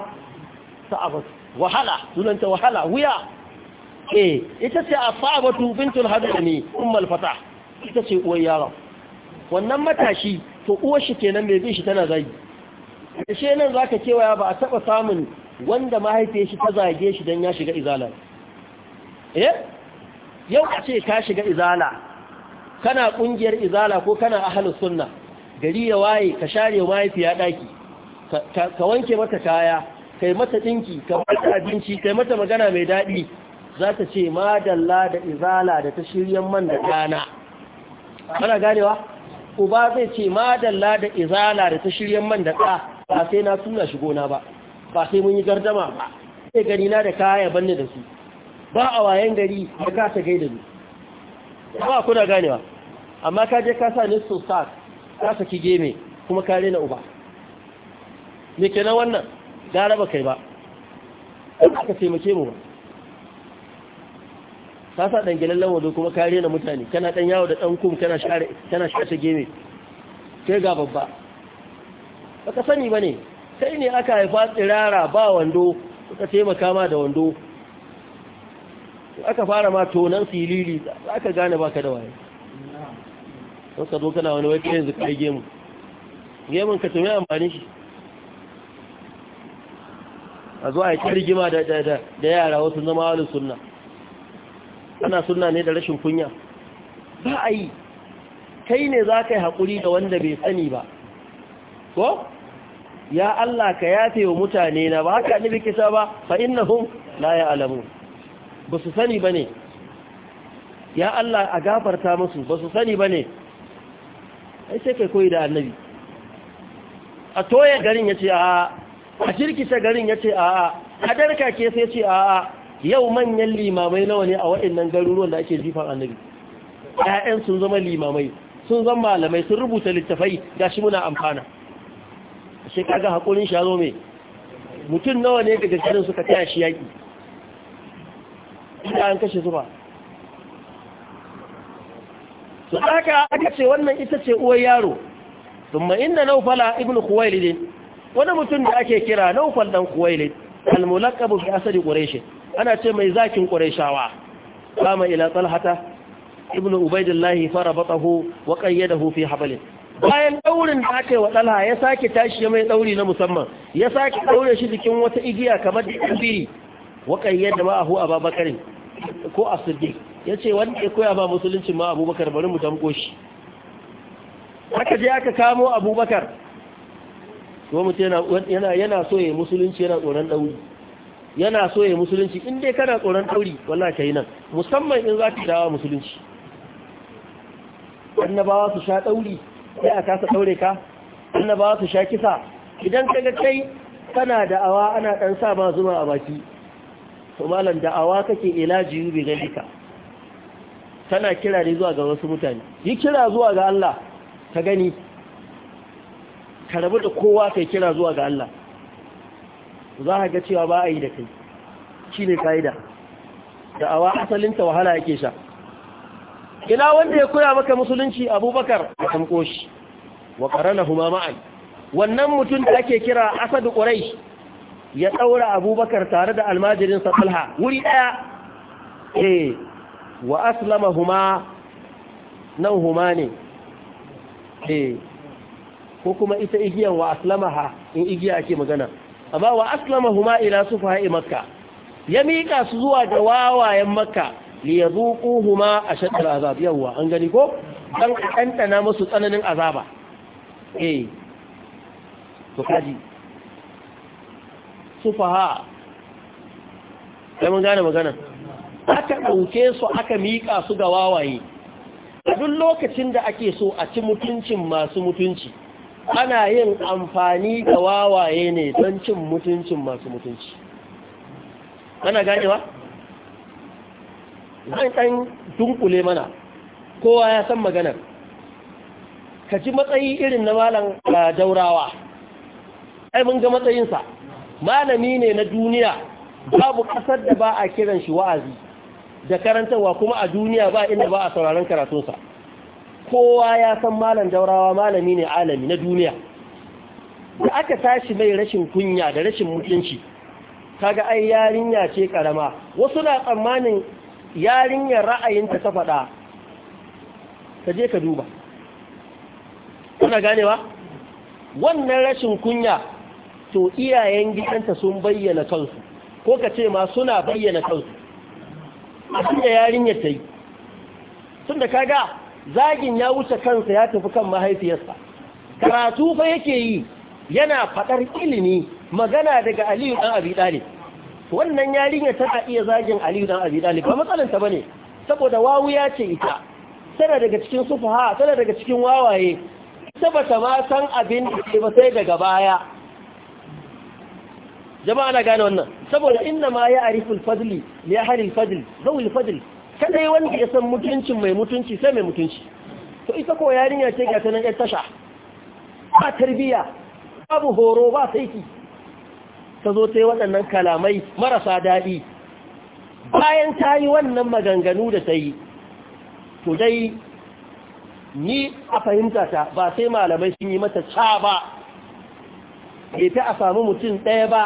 sa'abatu wahala sunanta wahala wuya eh ita ce a sa'abatu bintul hadani ummul Fata ita ce uwar yaro. wannan matashi to uwar shi kenan mai bin shi tana zagi shi nan zaka kewaya ba a taba samun wanda mahaifiyar shi ta zage shi dan ya shiga izala eh yau a ce ka shiga izala kana kungiyar izala ko kana ahlus sunna gari ya waye ka share mahaifiya daki ka wanke mata kaya kai mata dinki ka mata abinci kai mata magana mai daɗi za ta ce madalla da izala da ta shiryan man da ɗana ana ganewa uba zai ce madalla da izala da ta shiryan man da ɗa ba sai na tuna shi gona ba ba sai mun yi gardama ba sai gani na da kaya banne da su ba a wayan gari ya kasa gaida ni ba kuna ganewa amma ka je ka sa ni so sa ka saki geme kuma ka rena uba me kenan wannan gara ba kai ba aka taimake mu ba ta sa dangilan lawado kuma kare na mutane kana dan yawo da dan kum kana share kana shace geme sai ga babba baka sani bane sai ne aka haifa tsirara ba wando suka taimaka ma da wando aka fara ma tonan silili aka gane baka da waye don ka zo kana wani wai kai yanzu kai gemu gemun ka tumi amfani shi a zuwa ya rigima da yara wasu zama wani suna. ana suna ne da rashin kunya ba a yi kai ne za ka yi haƙuri da wanda bai sani ba ko ya Allah ka yafe wa mutane na ba haka annabi bikisa ba fa na la alamu. ba su sani ba ne. ya Allah a gafarta musu ba su sani ba ne. ai sai kai koyi da annabi a toye garin ya ce a a kirkice garin ya ce a'a a darka ke sai ce a'a yau manyan limamai nawa ne a waɗannan garuruwan da ake jifan annabi ƴaƴan sun zama limamai sun zama malamai sun rubuta littafai gashi muna amfana sai kaga hakurin shi zo mai mutum nawa ne daga garin suka taya shi yaki Ina an kashe zuba su aka aka ce wannan ita ce uwar yaro thumma inna nawfala ibnu khuwailid wani mutum da ake kira naufal dan kuwailid al-mulaqabu bi asadi ana ce mai zakin qurayshawa kama ila talhata ibn ubaydillah farabatahu wa qayyadahu fi hablin bayan ɗaurin da aka yi wa talha ya sake tashi mai ɗauri na musamman ya sake ɗaure shi jikin wata igiya kamar da biri wa qayyada ma'ahu ababakar ko as ya yace wanda ya koya ba musulunci ma abubakar bari mu tamko shi aka je aka kamo abubakar ko yana so ya musulunci yana tsoron ɗauri? yana so ya musulunci in dai kana tsoron ɗauri, wallah ka yi nan musamman in za ka dawa musulunci ba su sha ɗauri, sai a kasa ɗaure ka ba su sha kisa idan ka ga kai kana da'awa ana dan sa ma zuma a baki to malam da'awa kake ilaji yubi ka tana kira ne zuwa ga wasu mutane yi kira zuwa ga Allah ka gani ka rabu da kowa kai kira zuwa ga Allah za a ga cewa ba a yi da kai shi ne ka'ida da awa asalinta wahala yake sha ina wanda ya koya maka musulunci abubakar a tamko shi wa karana huma ma'an wannan mutum da ake kira asadu ƙurai ya ɗaura abubakar tare da almajirinsa talha wuri ɗaya eh wa aslama huma nan huma ne e ko kuma ita igiyar wa aslamaha in igiya ake magana amma wa aslamahuma ila sufaha'i makka ya mika su zuwa ga wawayen makka li yazuquhuma ashaddal azab yawa an gani ko dan kantana musu tsananin azaba eh to kaji sufaha sai mun gane magana aka dauke su aka mika su ga wawaye duk lokacin da ake so a ci mutuncin masu mutunci ana yin amfani da wawaye ne don cin mutuncin masu mutunci ana ganewa zan ɗan dunkule mana kowa ya san maganar ka ji matsayi irin na malam ah, daurawa ai mun ga matsayinsa malami ne na duniya babu ƙasar da ba a kiran shi wa'azi da karantarwa kuma a duniya ba inda ba a sauraron karatunsa kowa ya san malam jaurawa malami ne alami na duniya da aka tashi mai rashin kunya da rashin mutunci kaga ai yarinya ce karama wasu na tsammanin yarinyar ra'ayinta ta faɗa ka je ka duba kuna ganewa wannan rashin kunya to iyayen gidanta sun bayyana kansu ko ka ce ma suna bayyana kansu a cikin yarinyar ta yi tun da kaga zagin ya wuce kansa ya tafi kan mahaifiyarsa karatu fa yake yi yana faɗar ilimi magana daga aliyu dan abi ɗalib wannan yarinya tana iya zagin aliyu dan abi ɗalib ba matsalanta ba ne saboda wawu ya ce ita tana daga cikin sufaha tana daga cikin wawaye ita ba ma san abin da ba sai daga baya jama'a na gane wannan saboda inna ma ya arifin fadli ya fadl zawi al-fadl kadai wanda ya san mutunci mai mutunci sai mai mutunci to isa ko yarinya ce ga tanan yar tasha ba tarbiya babu horo ba saiki ta zo ta yi waɗannan kalamai marasa daɗi bayan ta yi wannan maganganu da ta yi to dai ni a fahimta ta ba sai malamai sun yi mata ca ba bai ta a samu mutum ɗaya ba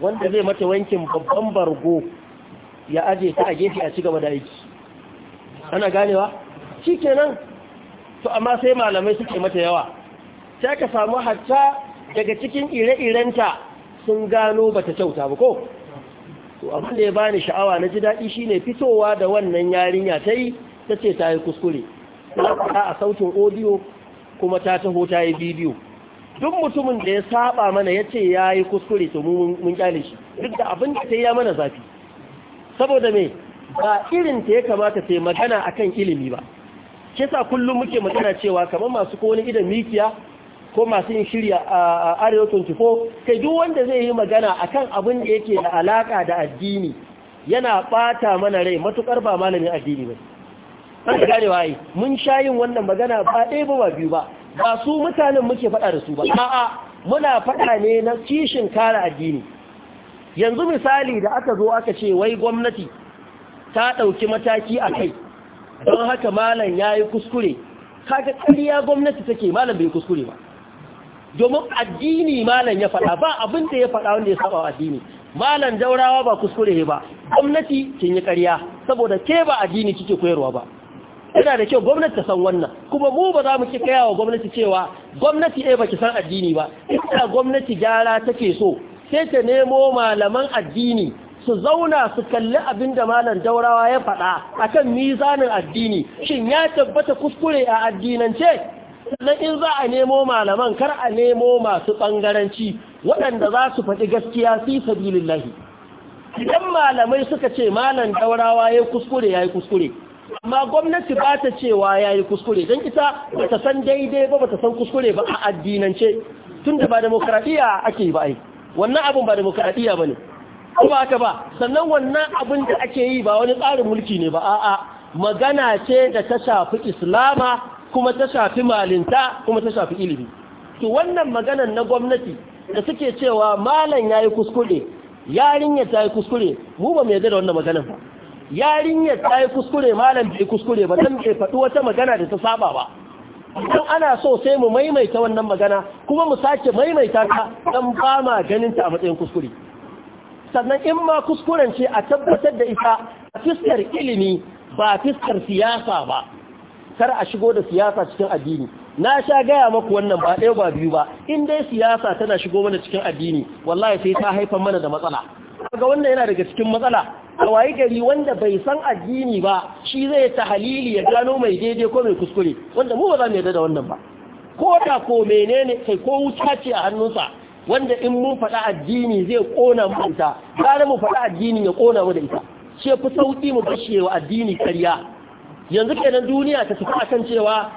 wanda zai mata wankin babban bargo ya aje ta a gefe a ci gaba da aiki ana ganewa shi kenan to amma sai malamai suke mata yawa sai ka samu hatta daga cikin ire-irenta sun gano ba ta kyauta ba ko to abin da ya bani sha'awa na ji daɗi shine fitowa da wannan yarinya ta yi ta ce ta yi kuskure ta a sautin audio kuma ta taho ta yi bidiyo duk mutumin da ya saba mana ya ce ya yi kuskure to mun kyale shi duk da abin da ta yi ya mana zafi saboda mai ba irin ta ya kamata sai magana akan ilimi ba sa kullum muke magana cewa kamar masu ko wani idan mikiya ko masu yin shirya a arewacin 24 kai duk wanda zai yi magana a kan abin da yake da alaka da addini yana bata mana rai matukar ba malamin addini ba an gane waye mun shayin wannan magana ba ɗaya ba ba biyu ba ba su mutanen muke faɗa da su ba a'a muna faɗa ne na kishin kare addini yanzu misali da aka zo aka ce wai gwamnati ta ɗauki mataki a kai don haka malam ya yi kuskure kaga ƙariya gwamnati take malam bai kuskure ba domin addini malam ya faɗa ba abin da ya faɗa wanda ya saba wa addini malam daurawa ba kuskure ba gwamnati kin yi ƙariya saboda ke ba addini kike koyarwa ba yana da kyau gwamnati ta san wannan kuma mu ba za mu ki kaya wa gwamnati cewa gwamnati eh baki san addini ba ita gwamnati gyara take so sai ta nemo malaman addini su zauna su kalli abin da malam daurawa ya faɗa a kan mizanin addini shin ya tabbata kuskure a addinance sannan in za a nemo malaman kar a nemo masu ɓangaranci waɗanda za su faɗi gaskiya fi sabilillahi idan malamai suka ce malam daurawa ya kuskure ya yi kuskure amma gwamnati ba ta cewa ya yi kuskure don ita ba ta san daidai ba ba ta san kuskure ba a addinance tun da ba demokaradiyya ake ba aiki wannan abin ba demokradiyya ba ko ba haka ba sannan wannan abin da ake yi ba wani tsarin mulki ne ba a'a magana ce da ta shafi islama kuma ta shafi malinta kuma ta shafi ilimi to wannan maganan na gwamnati da suke cewa malam yi kuskure yarinyar ta yi kuskure mu ba mu yarda da wannan maganan ba yarinyar ta yi kuskure malam bai kuskure ba dan bai faɗi wata magana da ta saba ba don ana so sai mu maimaita wannan magana kuma mu sake maimaita ta dan ba ma ganin a matsayin kuskure sannan in ma kuskuren ce a tabbatar da ita a fiskar ilimi ba fiskar siyasa ba kar a shigo da siyasa cikin addini na sha gaya maku wannan ba ɗaya ba biyu ba in dai siyasa tana shigo mana cikin addini wallahi sai ta haifar mana da matsala kaga wannan yana daga cikin matsala a gari wanda bai san addini ba shi zai ta halili ya gano mai daidai ko mai kuskure wanda mu ba za mu yarda da wannan ba ko da ko menene sai ko wuta ce a hannunsa wanda in mun faɗa addini zai ƙona mu ita gara mu faɗa addini ya kona mu da ita ce fi sauƙi mu bashe wa addini karya. yanzu kenan duniya ta tafi akan cewa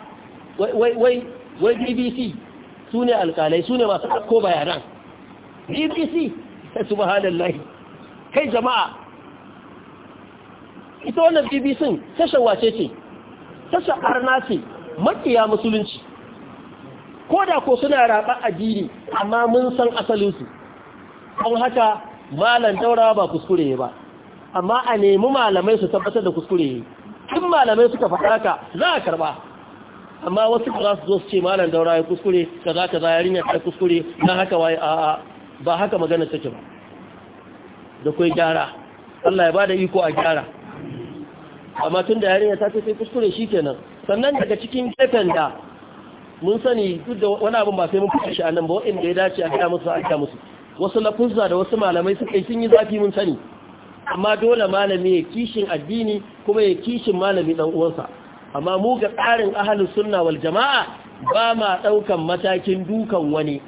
wai wai wai BBC su ne alƙalai su ne masu ko bayanan BBC subhanallahi kai jama'a ita wannan bbc tashar wace ce tashar arna ce makiya musulunci ko da ko suna raba addini amma mun san asalinsu an haka malam daura ba kuskure ba amma a nemi malamai su tabbatar da kuskure in malamai suka faɗa haka za a karba amma wasu ba za su zo su ce malam daura ya kuskure ka za ka zayarin ya kuskure na haka waye a ba haka magana take ba da kai gyara Allah ya ba da iko a gyara amma tun da yarinya ta ce sai kuskure shi kenan sannan daga cikin gefen da mun sani duk da wani abin ba sai mun fushi shi a nan ba waɗanda ya dace a gaya musu a gaya musu wasu lafuzza da wasu malamai suka yi sun yi zafi mun sani amma dole malami ya kishin addini kuma ya kishin malami dan uwansa amma mu ga tsarin ahlus sunna wal jamaa ba ma daukan matakin dukan wani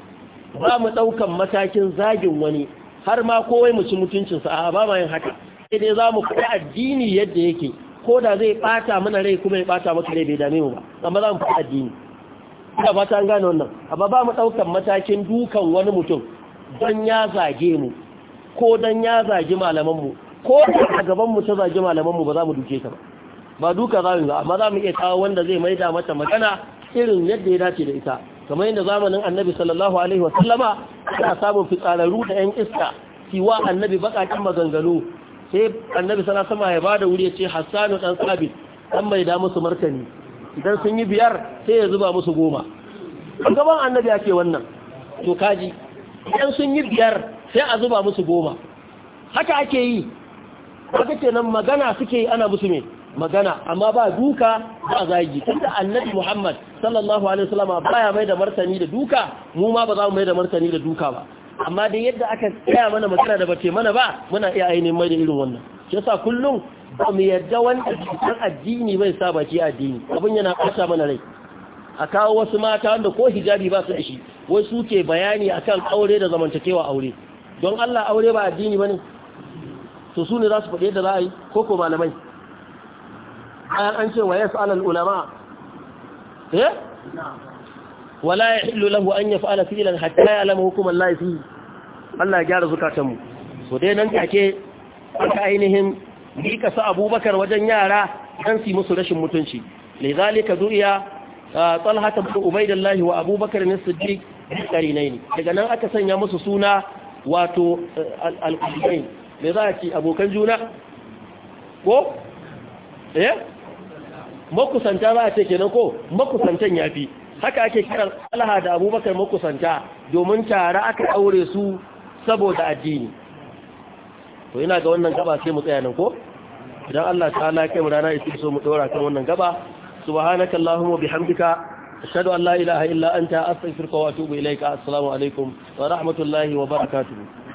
ba mu daukan matakin zagin wani har ma kowai mu ci mutuncin sa ba ma yin haka sai dai zamu faɗi addini yadda yake ko da zai bata mana rai kuma ya bata maka rai bai dame mu ba amma za mu fi addini ina fata an gane wannan amma ba mu daukan matakin dukan wani mutum don ya zage mu ko don ya zage malaman mu ko a gaban mu ta zage malaman mu ba za mu duke ta ba ba duka za mu ba amma za mu iya kawo wanda zai mai da mata magana irin yadda ya dace da ita kamar yadda zamanin annabi sallallahu alaihi wasallama ana samun fitsararru da yan iska siwa annabi bakakin maganganu sai annabi sana sama ya bada wuri ya ce hassanu dan sabit ɗan mai da musu martani idan sun yi biyar sai ya zuba musu goma gaban annabi ya ce wannan to kaji idan sun yi biyar sai a zuba musu goma haka ake yi haka ce nan magana suke yi ana musu mai magana amma ba duka ba zagi tunda annabi Muhammad sallallahu alaihi wasallam baya mai da martani da duka mu ma ba za mu mai da martani da duka ba amma dai yadda aka tsaya mana magana da bace mana ba muna iya ainihin mai da irin wannan shi yasa kullum ba mu yadda wanda cikin addini bai sa baki addini abin yana kasa mana rai a kawo wasu mata wanda ko hijabi ba su da shi wai su ke bayani akan aure da zamantakewa aure don Allah aure ba addini bane to su ne za su faɗi yadda za a yi ko ko malamai bayan an ce wa yasu alal ulama eh wala yahillu lahu an yaf'ala fi'lan hatta ya'lama hukum Allah fi Allah ya gyara zukatanmu so dai nan take aka ainihin mika su Abubakar wajen yara dan su musu rashin mutunci le lidhalika du'iya Talha ibn Ubaydillah wa Abubakar as-Siddiq ne. daga nan aka sanya musu suna wato al-qarinain me za ki abokan juna ko eh makusanta ba a ce kenan ko makusantan yafi haka ake kiran Talha da Abubakar makusanta domin tare aka aure su saboda addini to ina ga wannan gaba sai mu tsaya nan ko idan Allah ta ya kai mu rana ita so mu dora kan wannan gaba subhanaka allahumma bihamdika ashhadu an la ilaha illa anta astaghfiruka wa atubu ilaika assalamu alaikum wa rahmatullahi wa barakatuh